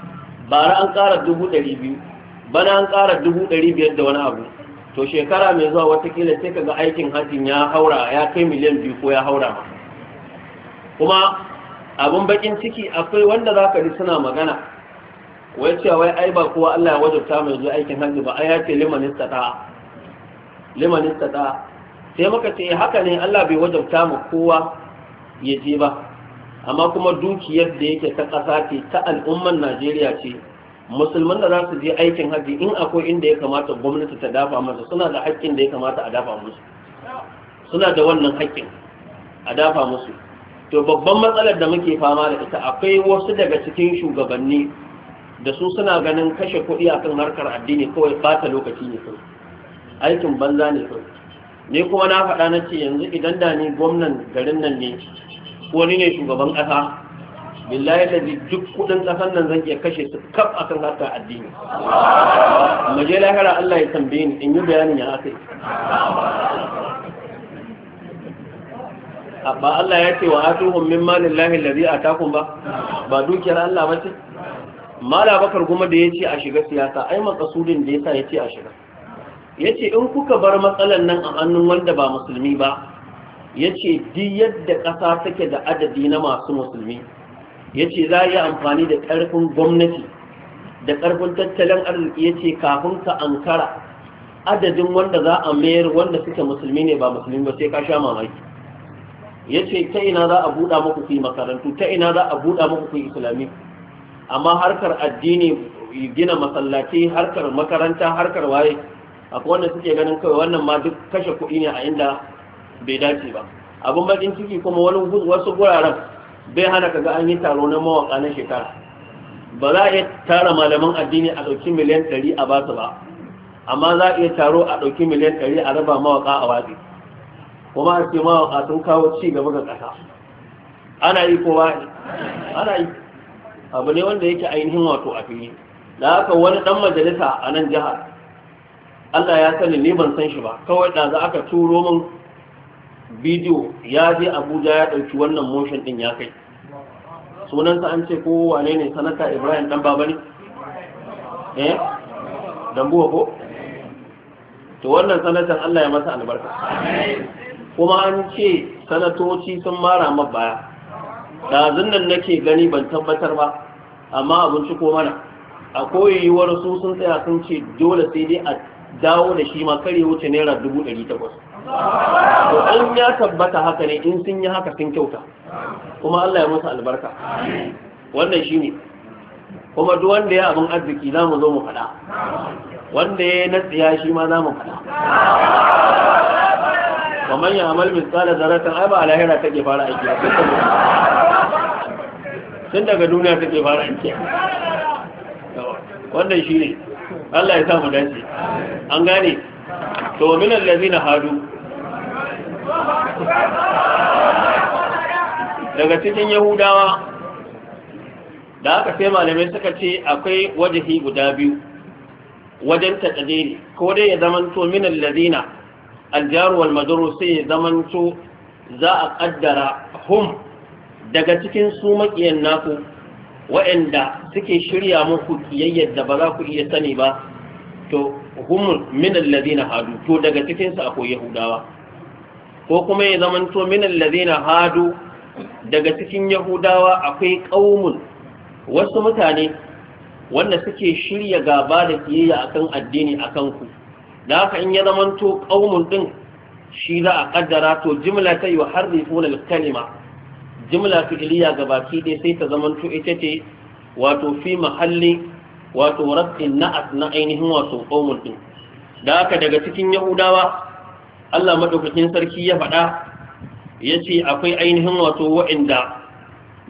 Ba na an ƙara dubu ɗari biyu na an ƙara dubu ɗari biyar da wani abu to shekara mai zuwa watakila sai ka ga aikin hajjin ya haura ya kai miliyan biyu ko ya haura kuma abin bakin ciki akwai wanda za ka ji suna magana wai cewa wai ai ba kowa Allah ya wajabta mai zuwa aikin hajji ba ai ya ce liman istata liman istata sai muka ce haka ne Allah bai wajabta mu kowa ya je ba amma kuma dukiyar da yake ta ƙasa ce ta al'umman Najeriya ce musulman da za su je aikin haji in akwai inda ya kamata gwamnati ta dafa masa suna da haƙƙin da ya kamata a dafa musu suna da wannan haƙƙin a dafa musu to babban matsalar da muke fama da ita akwai wasu daga cikin shugabanni da su suna ganin kashe kuɗi akan harkar addini kawai ɓata lokaci ne kawai aikin banza ne kawai ne kuma na faɗa na ce yanzu idan da ni gwamnan garin nan ne ko ni ne shugaban ƙasa billahi da duk kuɗin ƙasar nan zan iya kashe su kaf a kan harkar addini mu je lahira Allah ya tambaye ni in yi bayanin ya haka ba Allah ya ce wa atuhum min malillahi allazi atakum ba ba dukiyar Allah ba ce mala bakar kuma da ya ce a shiga siyasa ai makasudin da yasa ya ce a shiga ya ce in kuka bar matsalan nan a hannun wanda ba musulmi ba ya ce di yadda ƙasa take da adadi na masu musulmi ya ce za a yi amfani da ƙarfin gwamnati da ƙarfin tattalin arziki ya ce kafin ka ankara adadin wanda za a mayar wanda suke musulmi ne ba musulmi ba sai ka sha mamaki ya ce ta ina za a buɗa muku fi makarantu ta ina za a buɗa muku fi islami amma harkar addini gina masallaci harkar makaranta harkar waye akwai wanda suke ganin kawai wannan ma duk kashe kuɗi ne a inda bai dace ba abin bakin ciki kuma wani wasu guraren bai hana kaga an yi taro na mawaka na shekara ba za a iya tara malaman addini a ɗauki miliyan ɗari a su ba amma za a iya taro a ɗauki miliyan ɗari a raba mawaka a watsi kuma a ce mawaka sun kawo ci gaba ga ƙasa ana yi kowa ana yi abu ne wanda yake ainihin wato a fili da haka wani ɗan majalisa a nan jihar Allah ya sani ne ban san shi ba kawai da za aka turo min bidiyo ya je Abuja ya ɗauki wannan motion ɗin ya kai sunansa an ce ko wane ne sanata Ibrahim dan baba ne eh buwa ko to wannan sanatan Allah ya masa albarka kuma an ce sanatoci sun mara ma baya dazun nan nake gani ban tabbatar ba amma abinci ko mana a koyayyuwar yiwuwar su sun tsaya sun ce dole sai dai a dawo da shi ma kare wuce naira dubu ɗari takwas to an ya tabbata haka ne in sun yi haka sun kyauta kuma Allah ya musu albarka wannan shi ne kuma duk wanda ya abin arziki za mu zo mu faɗa wanda ya natsiya shi ma za mu faɗa kamar ya amal misali zaratan ai ba a lahira ke fara aiki tun daga duniya ta ke fara aiki wannan shi ne Allah ya samu dace an gane to min allazina hadu daga cikin yahudawa da aka sai malamai suka ce akwai wajahi guda biyu wajen taƙadiri ko dai ya zamanto min allazina aljaru wal madru sai ya zamanto za a kaddara hum daga cikin su makiyan naku wa'anda suke shirya muku kiyayyar da ba za ku iya sani ba to hum min alladhina hadu to daga cikin akwai yahudawa ko kuma ya zaman to min alladhina hadu daga cikin yahudawa akwai qaumun wasu mutane wanda suke shirya gaba da kiyayya akan addini akan ku da haka in ya zaman to qaumun din shi za a ƙaddara. to jimla ta yuharrifuna al-kalima jimla fi'iliya ga baki dai sai ta zamanto ita ce wato fi mahalli wato rabin na'at na ainihin wato qawmul din da haka daga cikin yahudawa Allah madaukakin sarki ya faɗa yace akwai ainihin wato wa'inda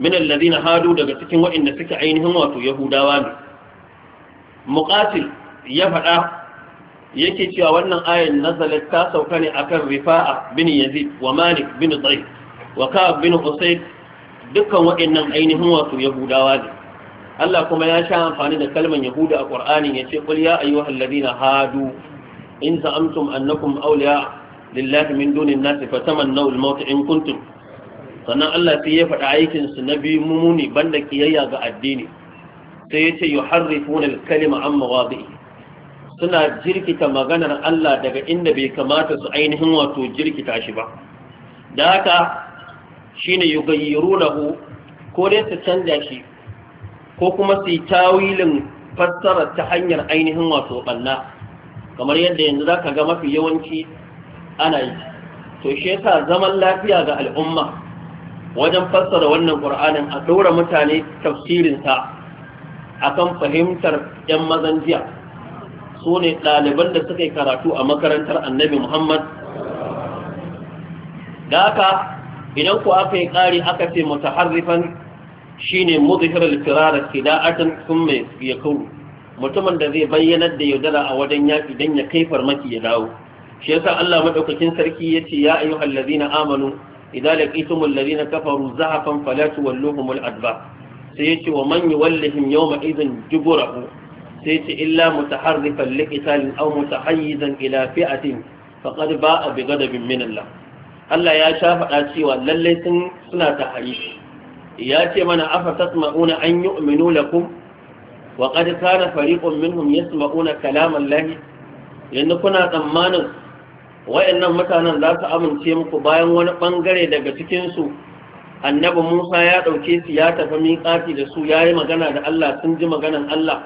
min alladhina hadu daga cikin wa'inda suke ainihin wato yahudawa ne muqatil ya faɗa yake cewa wannan ayan nazalat ta sauka ne akan rifa'a bin yazid wa malik bin zaid wa ka'ab bin usayd dukkan waɗannan ainihin wasu yahudawa ne Allah kuma ya sha amfani da kalman yahuda a Qur'ani ya ce qul ya ayyuhal na hadu in za'amtum annakum awliya lillahi min dunin nas fatamannu al-maut in kuntum sannan Allah sai ya faɗa aikin su na biyu mumuni banda kiyayya ga addini sai yace yuharrifuna al-kalima an mawadi'i suna jirkita maganar Allah daga inda bai kamata su ainihin wato jirkita shi ba da haka shine hu ko dai su canja shi ko kuma su yi tawilin fassara ta hanyar ainihin wato ɓanna kamar yadda yanzu za ka ga mafi yawanci ana yi to shi yasa zaman lafiya ga al'umma wajen fassara wannan ƙur'anin a ɗora mutane tafsirinsa, a kan fahimtar yan mazan jiya su ne ɗaliban da suka yi karatu a makarantar annabi muhammad da haka idan ku aka yi ƙari aka ce mutaharrifan shine mudhir al sun mai thumma yakun mutumin da zai bayyanar da yaudara a wajen yaki dan ya kai farmaki ya dawo shi yasa Allah madaukakin sarki ya ce ya ayyuhal ladina amanu idza laqitumul ladina kafaru zahafan fala tuwalluhumul adba sai yace wa man yuwallihim yawma idhin juburahu sai yace illa mutaharrifan liqitalin aw mutahayyizan ila fi'atin faqad ba'a bi ghadabin min Allah Allah ya sha faɗa cewa lallai sun suna ta ya ce mana afa tasma'una an yu'minu lakum wa qad kana fariqun minhum yasma'una kalam Allah yanzu kuna tsammanin wayannan mutanen za su amince muku bayan wani bangare daga cikin su annabi Musa ya dauke su ya tafi miƙati da su yayi magana da Allah sun ji maganan Allah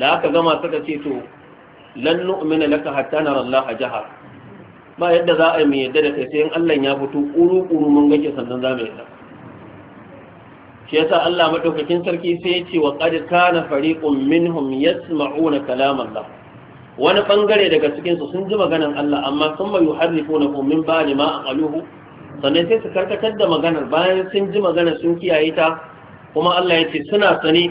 da aka gama suka ce to lan nu'mina laka hatta nara Allah jahar ba yadda za a yi mai yadda da kai sai in Allah ya fito ƙuru-ƙuru mun gake sannan za mu yadda shi yasa Allah madaukakin sarki sai ya ce wa qad kana fariqun minhum yasma'una kalam Allah wani bangare daga cikin sun ji maganar Allah amma sun mai yuharrifuna min ba ma aqaluhu sannan sai su karkatar da maganar bayan sun ji maganar sun kiyaye ta kuma Allah ya ce suna sani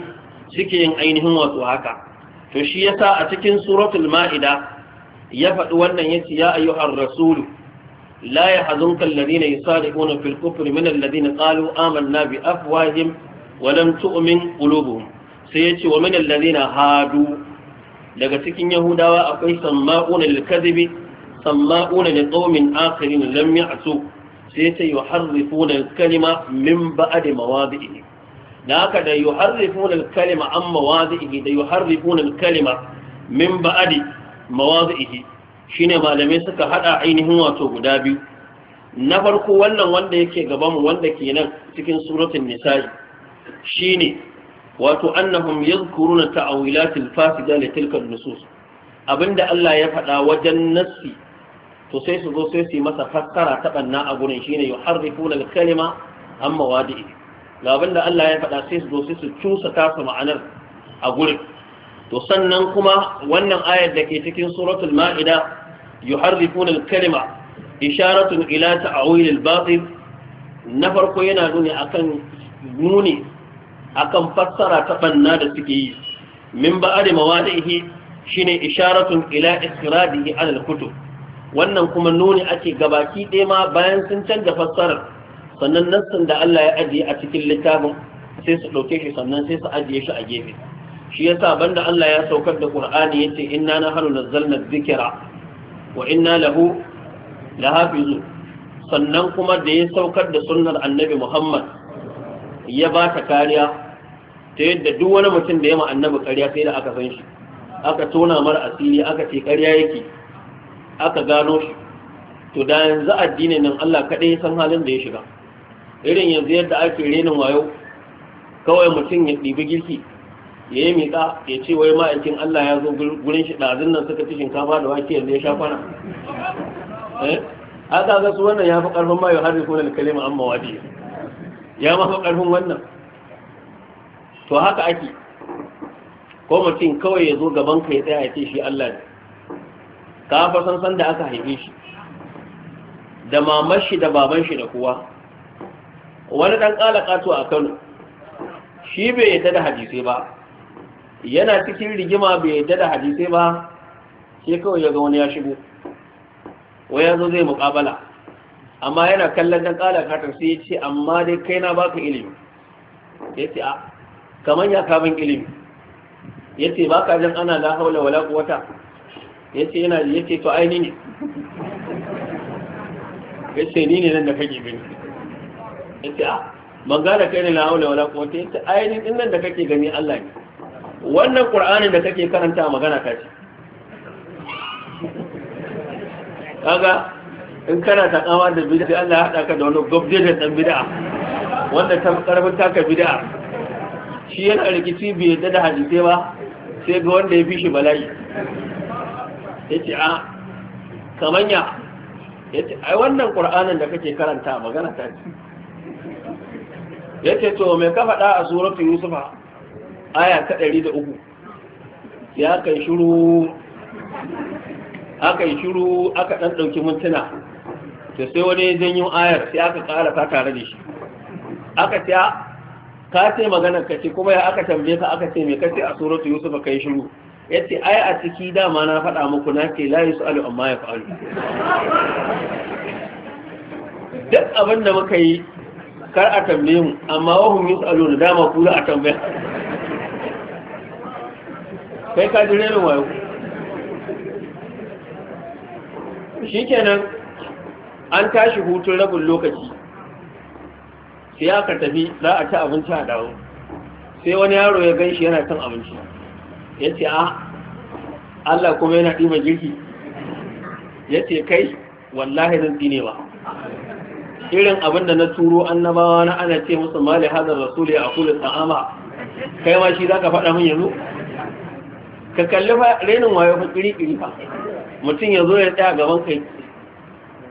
suke yin ainihin wato haka to shi yasa a cikin suratul ma'ida ya faɗi wannan ya ce ya ayyuhar rasulu la ya hazunka alladhina yusariquna fil kufri min alladhina aman na bi afwahihim wa lam tu'min sai ya ce wa min na hadu daga cikin yahudawa akwai samma'una lil kadhibi samma'una li qaumin akharin lam ya'tu sai ta yuharrifuna al-kalima min ba'di mawadi'ihi da haka da yuharrifuna al-kalima amma wadi'ihi da yuharrifuna al-kalima min ba'di mawazihi shine malamai suka hada ainihin wato guda biyu na farko wannan wanda yake gabanmu wanda ke nan cikin suratun nisa'i shine wato annahum yadhkuruna ta'awilatil fasida li tilka nusus abinda Allah ya faɗa wajen nassi to sai su zo sai su masa fassara ta banna a gurin shine yuharrifuna al-kalima amma wadi'i ga abinda Allah ya faɗa sai su zo sai su cusa ta ma'anar a gurin to sannan kuma wannan ayar da ke cikin suratul ma'ida yuharrifuna al-kalima isharatun ila ta'awil al-batil na farko yana nuni akan nuni akan fassara ta banna da suke yi min ba'ad mawadihi shine isharatun ila istiradihi ala al-kutub wannan kuma nuni ake gabaki ɗaya ma bayan sun canza fassarar sannan nassin da Allah ya ajiye a cikin littafin sai su ɗauke shi sannan sai su ajiye shi a gefe shi yasa banda Allah ya saukar da ya ce inna na nazzalna zikira wa inna lahu hafizu, sannan kuma da ya saukar da sunnar Annabi Muhammad ya ba ta kariya ta yadda duk wani mutum da ya ma Annabi kariya sai da aka san shi aka tona mara asiri aka ce kariya yake aka gano shi to da yanzu addinin nan Allah kaɗai ya san halin da ya shiga irin yanzu yadda ake renin wayo kawai mutum ya ɗibi girki ya yi miƙa ya ce wai ma'aikin Allah ya zo gurin shi ɗazin nan suka fi shinkafa da wake yanzu ya sha kwana eh? a kaga su wannan ya fi ƙarfin ma har rikunan kalima an mawadi ya ma fi ƙarfin wannan to haka ake ko mutum kawai ya zo gaban ka ya tsaya ya ce shi Allah ne ka fa san san da aka haife shi da mamar shi da baban shi da kowa wani ɗan ƙala to a Kano shi bai yadda da hadisai ba yana cikin rigima bai yadda da hadisai ba sai kawai ya ga wani ya shigo wai ya zo zai muƙabala amma yana kallon dan ƙala katar sai ya ce amma dai kai na baka ilimi ya ce a kamar ya kamun ilimi ya ce ka jan ana la haula wala quwata ya ce yana ya ce to aini ne ya ce ni ne nan da kake gani ya ce a ban gane kai ne la haula wala quwata ya ce aini din nan da kake gani Allah ne wannan ƙur'anin da kake karanta magana ta ce kaga in kana ta kama da bid'a sai Allah ya haɗa ka da wani gwabje da ɗan bid'a wanda ta karfin taka bid'a shi yana rikici bai yadda da hadisai ba sai ga wanda ya fi shi bala'i ya ce a ah, kamanya ya ce ai wannan ƙur'anin da kake karanta magana ta ce ya ce to mai ka faɗa a suratun yusufa aya ta ɗari da uku ya aka yi shiru aka yi shuru aka ɗan ɗauki mintuna da sai wani janyo ayar sai aka ƙara ta tare da shi aka ta ka ce maganar ka ce kuma ya aka tambaye ka aka ce me kace a suratu yusufa kai shiru yace ai a ciki dama na faɗa muku na ce la yusalu amma ya fa'alu duk abin da muka yi kar a tambaye mu amma wahum yusalu da dama ku za a tambaya kai ka ji renin wayo shikenan an tashi hutun rabin lokaci sai aka tafi za a ci abinci a dawo sai wani yaro ya gan shi yana cin abinci ya ce a ah, Allah kuma yana ɗiba girki ya ce kai wallahi zan tsine ba irin abinda na turo annabawa na ana ce musu mali hadar rasuli a kulun ta'ama kai ma shi za ka faɗa min yanzu ka kalli ba renin wayo fa kiri kiri ba mutum ya zo ya tsaya gaban kai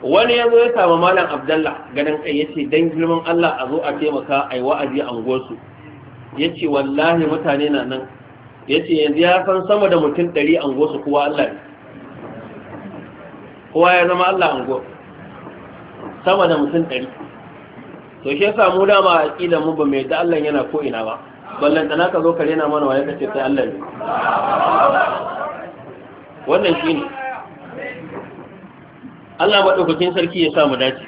wani ya zo ya samu malam abdallah ganin kai ya ce dan girman allah a zo a taimaka a yi wa'azi a unguwarsu ya ce wallahi mutane na nan ya ce yanzu ya san sama da mutum ɗari a unguwarsu kowa allah ne kowa ya zama allah a unguwar sama da mutum ɗari to shi ya samu dama a ƙila mu ba mai da allah yana ko ina ba ballantana ka zo ka rena mana waye kace sai Allah ne wannan shine Allah madaukakin sarki ya sa mu dace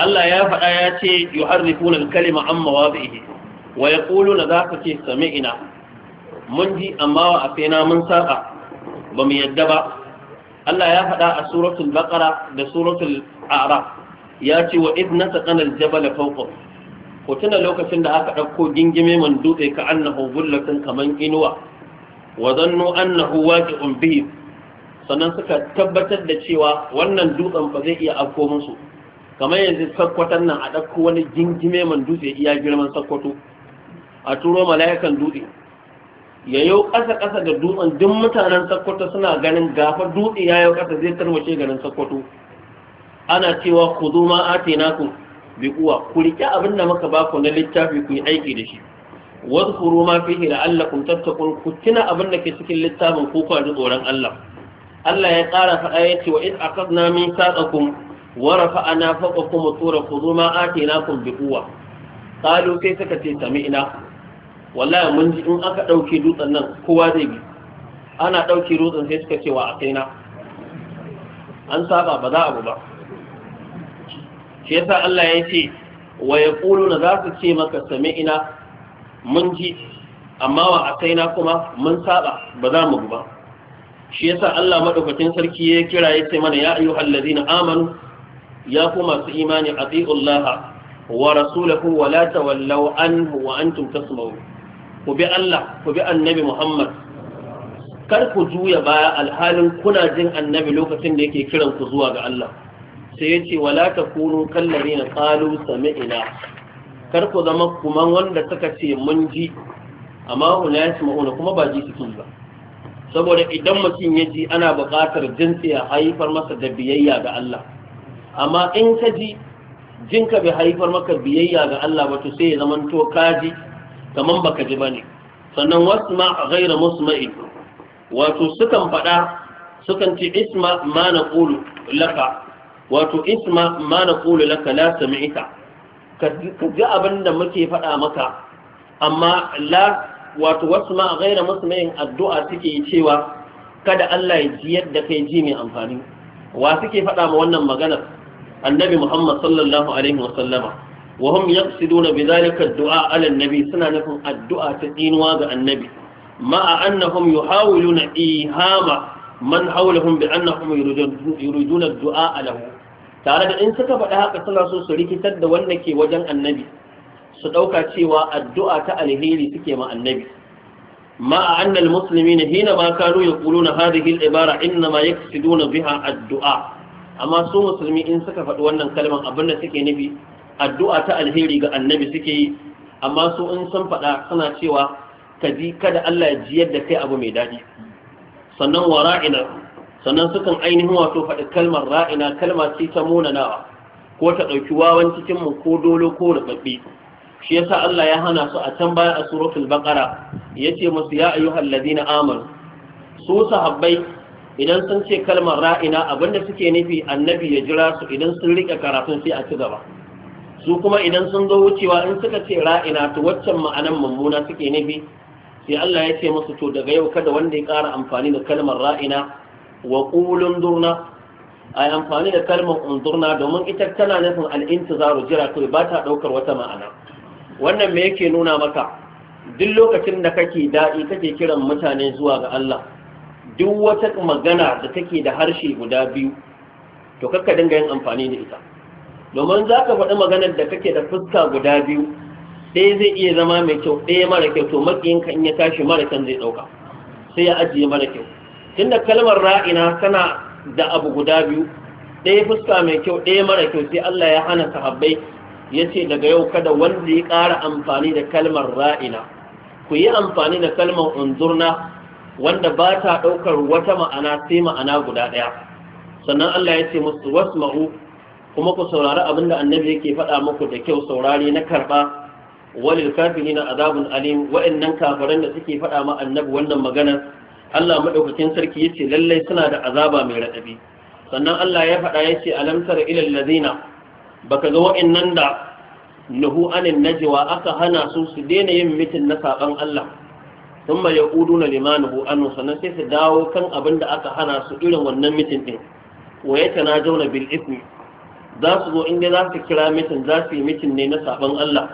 Allah ya faɗa ya ce yuharrifuna al-kalima an mawadhihi wa yaquluna zaka ce sami'na mun ji amma wa afina mun saba ba mu yadda ba Allah ya faɗa a suratul baqara da suratul a'raf ya ce wa idna taqana al-jabala fawqa ku tuna lokacin da aka ɗauko gingime man dutse ka annahu bullatun kaman inuwa wa zannu annahu waqi'un bihi sannan suka tabbatar da cewa wannan dutsen ba zai iya afko musu kamar yanzu sakkwatan nan a ɗauko wani gingime man dutse iya girman sakkwato a turo mala'ikan dutse ya yau ƙasa ƙasa da dutsen duk mutanen sakkwato suna ganin gafa dutse ya yau ƙasa zai tarwace garin sakkwato ana cewa ku zo atina ku bi ku rike abin da muka baku na littafi ku yi aiki da shi wadhkuru ma fihi la'allakum tattaqun ku tuna abin da ke cikin littafin ku ji tsoron Allah Allah ya ƙara faɗa ya ce wa id aqadna mithaqakum wa rafa'na fawqakum tura khudhu ma atinakum bi quwwa qalu sai suka ce ina. wallahi mun ji in aka dauke dutsen nan kowa zai bi ana dauke dutsen sai suka ce wa akaina an saba ba za a bu ba shi yasa Allah ya ce wa na za su ce maka sami'ina mun ji amma wa kaina kuma mun saba ba za mu ba shi yasa Allah maɗaukacin sarki ya kira ya ce mana ya ayyuhal ladina amanu ya ku masu imani atiullaha wa rasulahu wa la tawallaw An, wa antum tasma'un ku bi Allah ku bi annabi Muhammad kar ku juya baya alhalin kuna jin annabi lokacin da yake kiran ku zuwa ga Allah sai yace wala takunu kallazina qalu sami'na kar ku zama kuma wanda suka ce mun ji amma ula yasma'una kuma ba ji suke ba saboda idan mutum ya ji ana buƙatar jinsi ya haifar masa da biyayya ga Allah amma in ka ji jinka bai haifar maka biyayya ga Allah ba to sai ya zama to ka ji kaman baka ji bane sannan wasma ghayra musma'in wato sukan faɗa sukan ci isma ma naqulu laka wato isma ma na laka la sami'ita ka ji abin da muke faɗa maka amma la wato wasu ma gaira musulmin addu'a suke cewa kada Allah ya ji yadda kai ji mai amfani wa suke faɗa ma wannan maganar annabi Muhammad sallallahu alaihi wa sallama wa hum yaqsiduna bidhalika ad-du'a ala an-nabi suna nufin addu'a ta ɗinuwa ga annabi ma'a annahum yuhawiluna ihama man hawlahum bi annahum yuriduna ad-du'a lahu tare da in suka faɗi haka suna so su rikitar da wanda ke wajen annabi su ɗauka cewa addu’a ta alheri suke ma annabi a annal musulmi na hina ba karu ya ƙulu na hada hil ibara in ma ya fi duna biha addu’a amma su musulmi in suka faɗi wannan kalmar da suke nufi addu’a ta alheri ga annabi suke yi amma su in sun faɗa suna cewa ka ji kada Allah ya ji yadda kai abu mai daɗi sannan wara'ina sannan sukan ainihin wato faɗi kalmar ra'ina kalma ce ta munanawa ko ta ɗauki wawan cikin mu ko dolo ko rubabbi shi yasa Allah ya hana su a can baya a suratul baqara yace musu ya ayyuhal ladina amanu su sahabbai idan sun ce kalmar ra'ina abinda suke nufi annabi ya jira su idan sun rike karatun sai a ci gaba su kuma idan sun zo wucewa in suka ce ra'ina to waccan ma'anan mummuna suke nufi sai Allah ya ce musu to daga yau kada wanda ya ƙara amfani da kalmar ra'ina wa ƙulun durna a yi amfani da kalmar unzurna domin ita tana nufin al'intizaru jira kai ba ta ɗaukar wata ma'ana wannan me yake nuna maka duk lokacin da kake daɗi kake kiran mutane zuwa ga Allah duk wata magana da take da harshe guda biyu to kakka dinga yin amfani da ita domin za ka faɗi maganar da kake da fuska guda biyu ɗaya zai iya zama mai kyau ɗaya mara kyau to maƙiyinka in ya tashi mara kyan zai ɗauka sai ya ajiye mara kyau da kalmar ra'ina tana da abu guda biyu ɗaya fuska mai kyau ɗaya mara kyau sai Allah ya hana sahabbai ya ce daga yau kada wanda ya ƙara amfani da kalmar ra'ina ku yi amfani da kalmar unzurna wanda ba ta ɗaukar wata ma'ana sai ma'ana guda ɗaya sannan Allah ya ce musu wasma'u kuma ku saurari abin da annabi yake faɗa muku da kyau saurari na karɓa walil na azabun alim wa'annan kafiran da suke faɗa ma annabi wannan maganar Allah madaukakin sarki yace lallai suna da azaba mai radadi sannan Allah ya faɗa yace alamsar tara ilal ladina baka ga wa'annan da nuhu anin najwa aka hana su su daina yin mitin na saban Allah thumma yaquduna limanuhu anhu sannan sai su dawo kan abin da aka hana su irin wannan mitin din wa yatanajuna bil ismi za su zo inda za su kira mitin za su yi mitin ne na saban Allah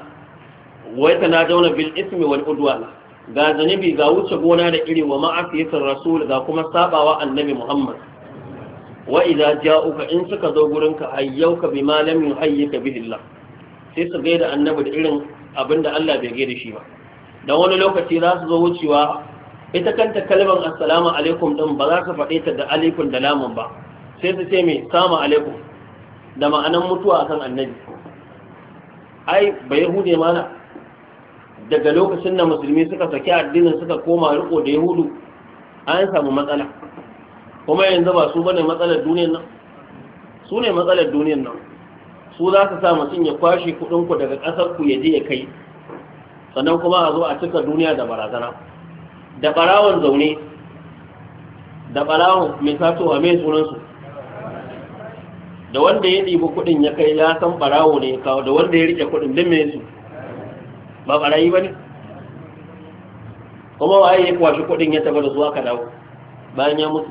wa yatanajuna bil ismi wal udwana ga zanibi ga wuce gona da iri wa ma'afiyatar rasul ga kuma sabawa annabi muhammad wa idza ja'uka in suka zo gurinka ayyauka bima lam yuhayyika bihi Allah sai su gaida annabi da irin abinda Allah bai gaida shi ba dan wani lokaci za su zo wucewa ita kanta kalmar assalamu alaikum din ba za su faɗe ta da alaikum da lamun ba sai su ce mai salamu alaikum da ma'anan mutuwa akan annabi ai bai hude mana daga lokacin da musulmi suka saki addinin suka koma riko da yahudu an samu matsala kuma yanzu ba su bane matsalar duniyar nan su ne matsalar duniyar nan su za su sa mutum ya kwashe ku daga ƙasar ku ya je ya kai sannan kuma a zo a cika duniya da barazana da barawon zaune da barawon mai sato a mai sunansu da wanda ya ɗibi kuɗin ya kai ya san barawo ne ya kawo da wanda ya riƙe kuɗin don mai su ba barayi ba ne kuma waye ya kwashi kuɗin ya taɓa da zuwa ka dawo bayan ya mutu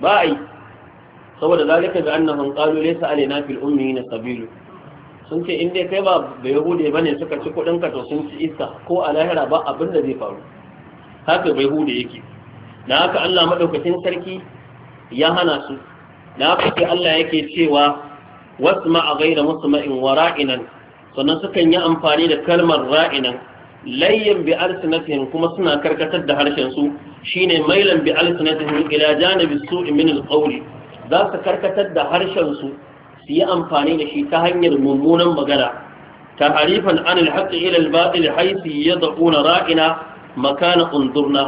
ba ai saboda zalika da annahum qalu laysa alaina fil na sabilu sun ce in dai kai ba da yahude bane suka ci kuɗin ka to sun ci iska ko a lahira ba abin da zai faru haka bai hude yake da haka Allah madaukakin sarki ya hana su da haka sai Allah yake cewa wasma a musma'in wara'inan sannan sukan yi amfani da kalmar ra'inan layyan bi alsinatihim kuma suna karkatar da harshen su shine mailan bi alsinatihim ila janibi su'i min alqawli za su karkatar da harshen su su yi amfani da shi ta hanyar mummunan magana ta'arifan an alhaqi ila albatil haythu yad'una ra'ina makana undurna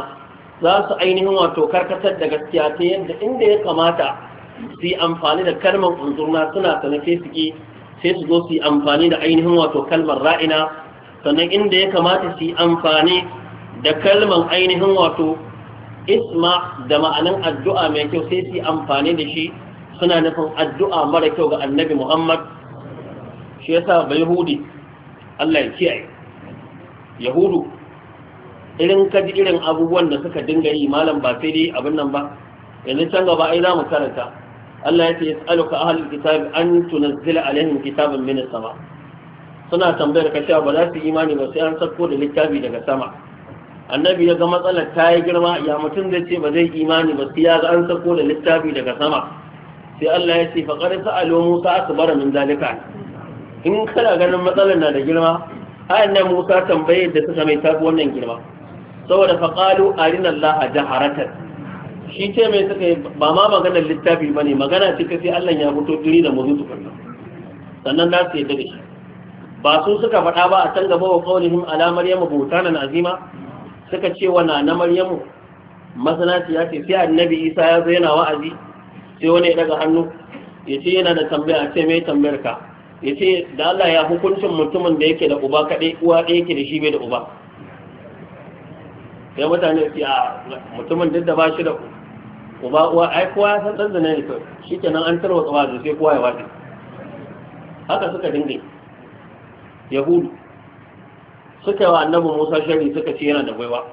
za su ainihin wato karkatar da gaskiya ta yadda inda ya kamata su yi amfani da kalmar unzurna suna sanake su ki sai su zo su yi amfani da ainihin wato kalmar ra'ina sannan inda ya kamata su yi amfani da kalmar ainihin wato isma da ma'anin addu'a mai kyau sai su yi amfani da shi suna nufin addu'a mara kyau ga annabi muhammad shi ya sa ba yahudi allah ya kiyaye yahudu irin kaji irin abubuwan da suka dinga yi malam ba sai dai abin nan ba yanzu can gaba ai za mu karanta Allah ya ce yas'aluka ahlul kitab an tunzila alaihim kitaban min sama suna tambayar ka cewa ba za su imani ba sai an sako da littafi daga sama annabi ya ga matsalar ta yi girma ya mutum zai ce ba zai imani ba sai ya ga an sako da littafi daga sama sai Allah ya ce fa qad sa'alu Musa akbara min zalika in kana ganin matsalar na da girma ayan nan Musa tambayar da suka mai tafi wannan girma saboda fa qalu arina Allah jaharatan shi ce mai suka yi ba ma maganar littafi ba ne magana ce kafi Allah ya fito fili da muzu su kalla sannan na su yadda da shi ba su suka faɗa ba a can gaba wa kaulihim ala maryamu na azima suka ce wa na na maryamu ya ce sai annabi isa ya zo yana wa'azi sai wani ya daga hannu ya ce yana da tambaya ce mai tambayar ka ya ce da Allah ya hukuncin mutumin da yake da uba kaɗai uwa ɗaya yake da shi bai da uba sai mutane su a mutumin duk da ba shi da ba uwa ai kowa ya san dan zane ne to shikenan an tsawa wazi sai kowa ya wace haka suka dinga yahudu suka wa annabi Musa shari suka ce yana da baiwa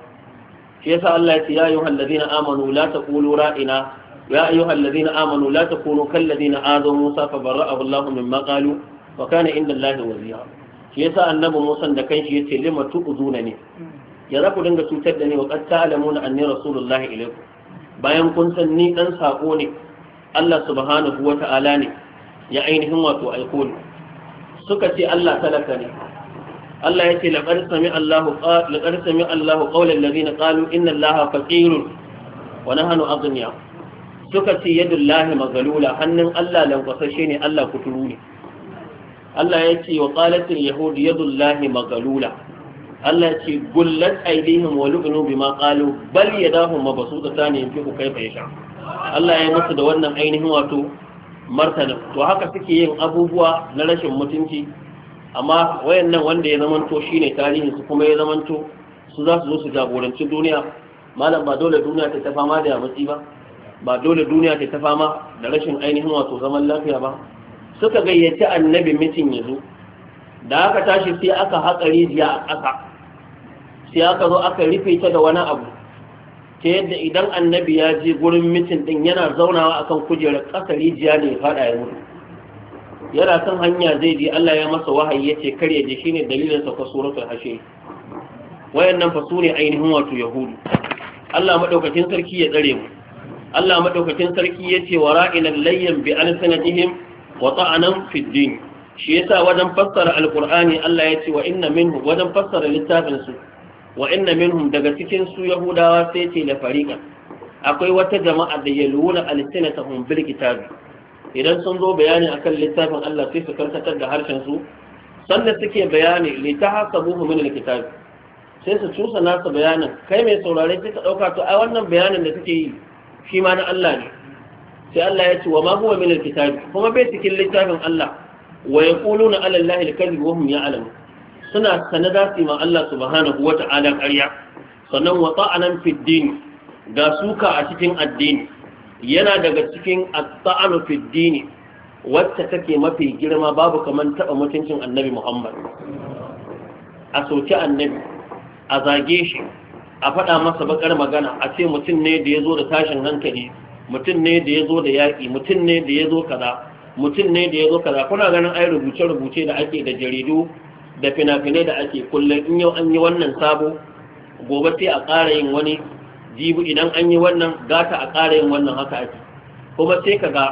shi yasa Allah ya ce ya ayyuhal ladina amanu la kulu ra'ina ya ayyuhal ladina amanu la takunu kal ladina azaw Musa fa barra'ahu Allah mimma qalu wa kana inda Allah waziya shi yasa annabi Musa da kanshi ce lima tu'zuna ne ya za ku dinga cutar da ni wa qad ta'lamuna anni rasulullahi ilaykum bayan kun san ni ɗan saƙo ne Allah subhanahu Ta'ala ne ya ainihin wato alkoli suka ce Allah talaka ne Allah ya ce laqad sami Allahu laqad sami Allahu qawlan alladhina qalu inna Allaha faqirun wa nahnu suka ce yadullahi magalula hannun Allah lankwasashe ne Allah kuturu ne Allah ya ce wa qalatil yahud lahi magalula Allah ce gullat aidihim wa lu'inu bima qalu bal yadahum mabsuutatan yunfiqu kayfa yasha Allah ya musu da wannan ainihin wato martana to haka suke yin abubuwa na rashin mutunci amma wayannan wanda ya zamanto shine tarihin su kuma ya zamanto su za su zo su jagoranci duniya malam ba dole duniya ta ta fama da matsi ba ba dole duniya ta ta fama da rashin ainihin wato zaman lafiya ba suka gayyaci annabi mitin ya zo da aka tashi sai aka haƙa rijiya a ƙasa sai aka zo aka rufe ta da wani abu ta yadda idan annabi ya je gurin mitin din yana zaunawa akan kujerar ƙasa rijiya ne ya faɗa ya mutu yana kan hanya zai je Allah ya masa wahayi yace karya ya je shine dalilin sa suratul hashe wayannan fa sune ainihin wato yahudu Allah madaukakin sarki ya tsare mu Allah madaukakin sarki yace wara'ilal layyan bi alsanatihim wa ta'anan fid din shi yasa wajen fassara alqur'ani Allah yace wa inna minhu wajen fassara littafin su wa inna minhum daga cikin su yahudawa sai ce da fariqa akwai wata jama'a da yaluna alsinatahum bil kitabi idan sun zo bayani akan littafin Allah sai su karkatar da harshen su sannan suke bayani li tahasabuhu min al sai su cusa nasa bayanin kai mai saurare sai ka dauka to ai wannan bayanin da suke yi shi ma na Allah ne sai Allah ya ce wa ma huwa min al kuma bai cikin littafin Allah wa yaquluna ala allahi al wa hum ya'lamun suna sana za su yi ma Allah subhanahu wa ta'ala ƙarya sannan wata a nan ga suka a cikin addini yana daga cikin at fiddini wacce take mafi girma babu kamar taba mutuncin Annabi Muhammad a soki Annabi a zage shi a faɗa masa baƙar magana a ce mutum ne da ya zo da tashin hankali mutum ne da ya zo da yaƙi mutum ne da ya zo kaza mutum ne da ya zo kaza kuna ganin ai rubuce-rubuce da ake da jaridu da fina-finai da ake kullum in yau an yi wannan sabo gobe sai a ƙara yin wani jibu idan an yi wannan gata a ƙara yin wannan haka ake kuma sai ka ga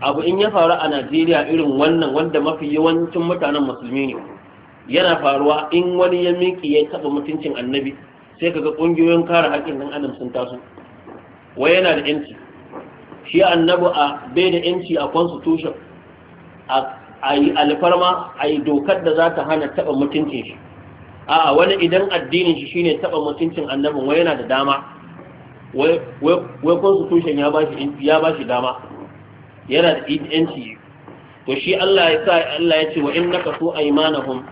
abu in ya faru a najeriya irin wannan wanda mafi yawancin mutanen musulmi ne yana faruwa in wani ya miƙi ya taɓa mutuncin annabi sai ka ga ƙungiyoyin kare haƙƙin ɗan adam sun taso wai yana da yanci shi annabi a bai da yanci a constitution a a yi alfarma a yi dokar da za ta hana taɓa mutuncin shi a wani idan addinin shi shine taɓa mutuncin annabin wai yana da dama wai constitution ya ba shi dama yana da yanci to shi Allah ya sa Allah ya ce wa innaka su aymanahum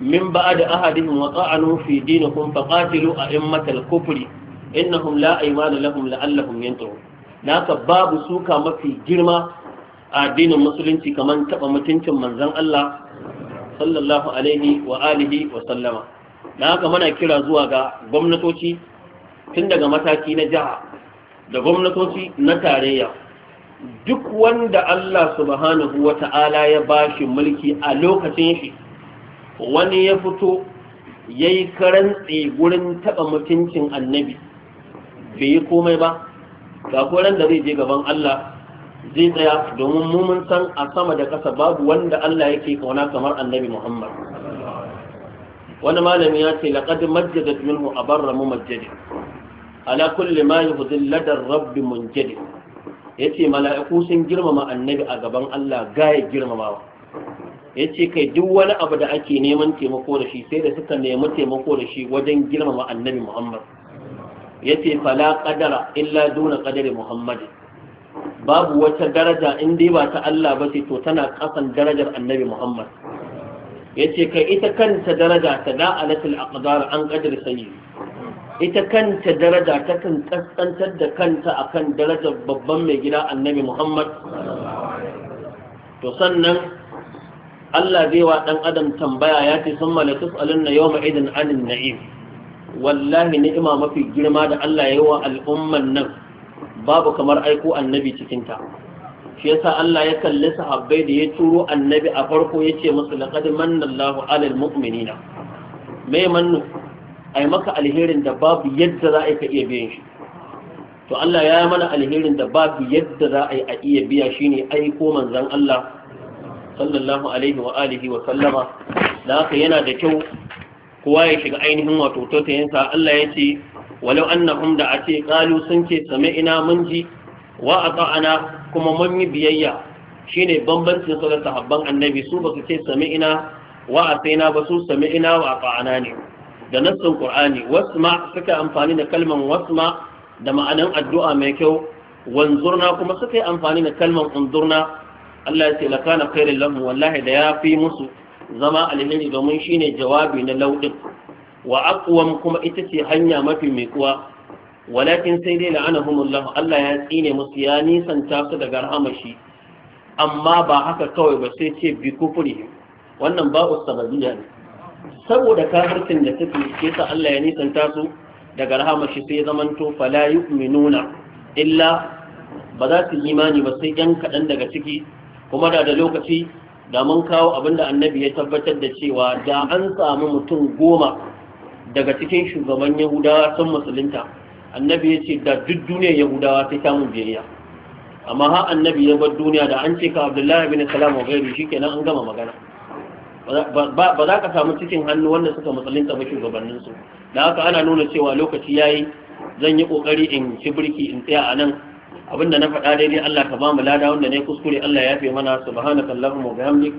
min ba'd ahadihim wa qa'anu fi dinikum faqatilu a'immatal kufri innahum la aymana lahum la'allahum yantahu naka babu suka mafi girma addinin musulunci kamar taɓa mutuncin manzan Allah sallallahu alaihi wa alihi wa sallama na haka mana kira zuwa ga gwamnatoci tun daga mataki na jiha da gwamnatoci na tarayya duk wanda Allah subhanahu wa ta'ala ya bashi mulki a lokacin shi wani ya fito ya yi karantse gurin taɓa mutuncin annabi bai yi komai ba ga koren da zai je gaban Allah zai tsaya domin mu san a sama da ƙasa babu wanda Allah yake kauna kamar annabi Muhammad wani malami ya ce laqad majjadar minhu abarra mumajjad ala kulli ma yuhdil ladar rabb Ya ce mala'iku sun girmama annabi a gaban Allah gaya girmamawa ce kai duk wani abu da ake neman taimako da shi sai da suka nemi taimako da shi wajen girmama annabi Muhammad yace fala qadara illa duna ƙadari Muhammadin babu wata daraja in dai ba ta Allah ba ce to tana kasan darajar annabi Muhammad yace kai ita kanta daraja ta da'alatul aqdar an qadar sani ita kanta daraja ta kan kaskantar da kanta akan darajar babban mai gida annabi Muhammad to sannan Allah zai wa ɗan adam tambaya ya ce sun malatus alinna yau ma'idin anin na'im wallahi ni'ima mafi girma da Allah ya yi wa al'umman nan babu kamar aiko annabi cikinta shi yasa Allah ya kalli sahabbai da ya turo annabi a farko ya ce musu laqad manna Allahu 'alal mu'minina mai mannu ai maka alherin da babu yadda za a iya biyan shi to Allah ya yi mana alherin da babu yadda za a iya biya shine aiko manzon Allah sallallahu alaihi wa alihi wa sallama da haka yana da kyau kowa ya shiga ainihin wato tautayinsa Allah ya ce walau annahum da ace kalu sun ce ina mun ji wa ata'ana kuma mun yi biyayya shine bambancin su da sahabban annabi su basu ce sami'na wa ataina ba su sami'na wa ata'ana ne da nassin qur'ani wasma suka amfani da kalman wasma da ma'anan addu'a mai kyau wanzurna kuma suka yi amfani da kalman unzurna Allah ya ce lakana khairul lahum wallahi da ya fi musu zama alheri domin shine jawabi na laudin wa aqwam kuma ita ce hanya mafi mai kuwa walakin sai dai la'anahumullah Allah ya tsine musu ya nisanta su daga rahamashi amma ba haka kawai ba sai ce bi kufuri wannan ba sababi ne saboda kafircin da suke ke sa Allah ya nisanta su daga rahamashi sai zamanto fala yu'minuna illa ba za su imani ba sai yan kaɗan daga ciki kuma da da lokaci da mun kawo abinda annabi ya tabbatar da cewa da an samu mutum goma daga cikin shugaban yahudawa sun musulunta annabi ya ce da duk duniyar yahudawa ta samun biyayya amma ha annabi ya bar duniya da an ce ka abdullahi bin salam wa gairu shikenan an gama magana ba za ka samu cikin hannu wanda suka musulunta ba shugabannin su da haka ana nuna cewa lokaci yayi zan yi kokari in ci birki in tsaya a nan abinda na faɗa daidai Allah ka ba mu lada wanda ne kuskure Allah ya fi mana subhanakallahumma wa bihamdika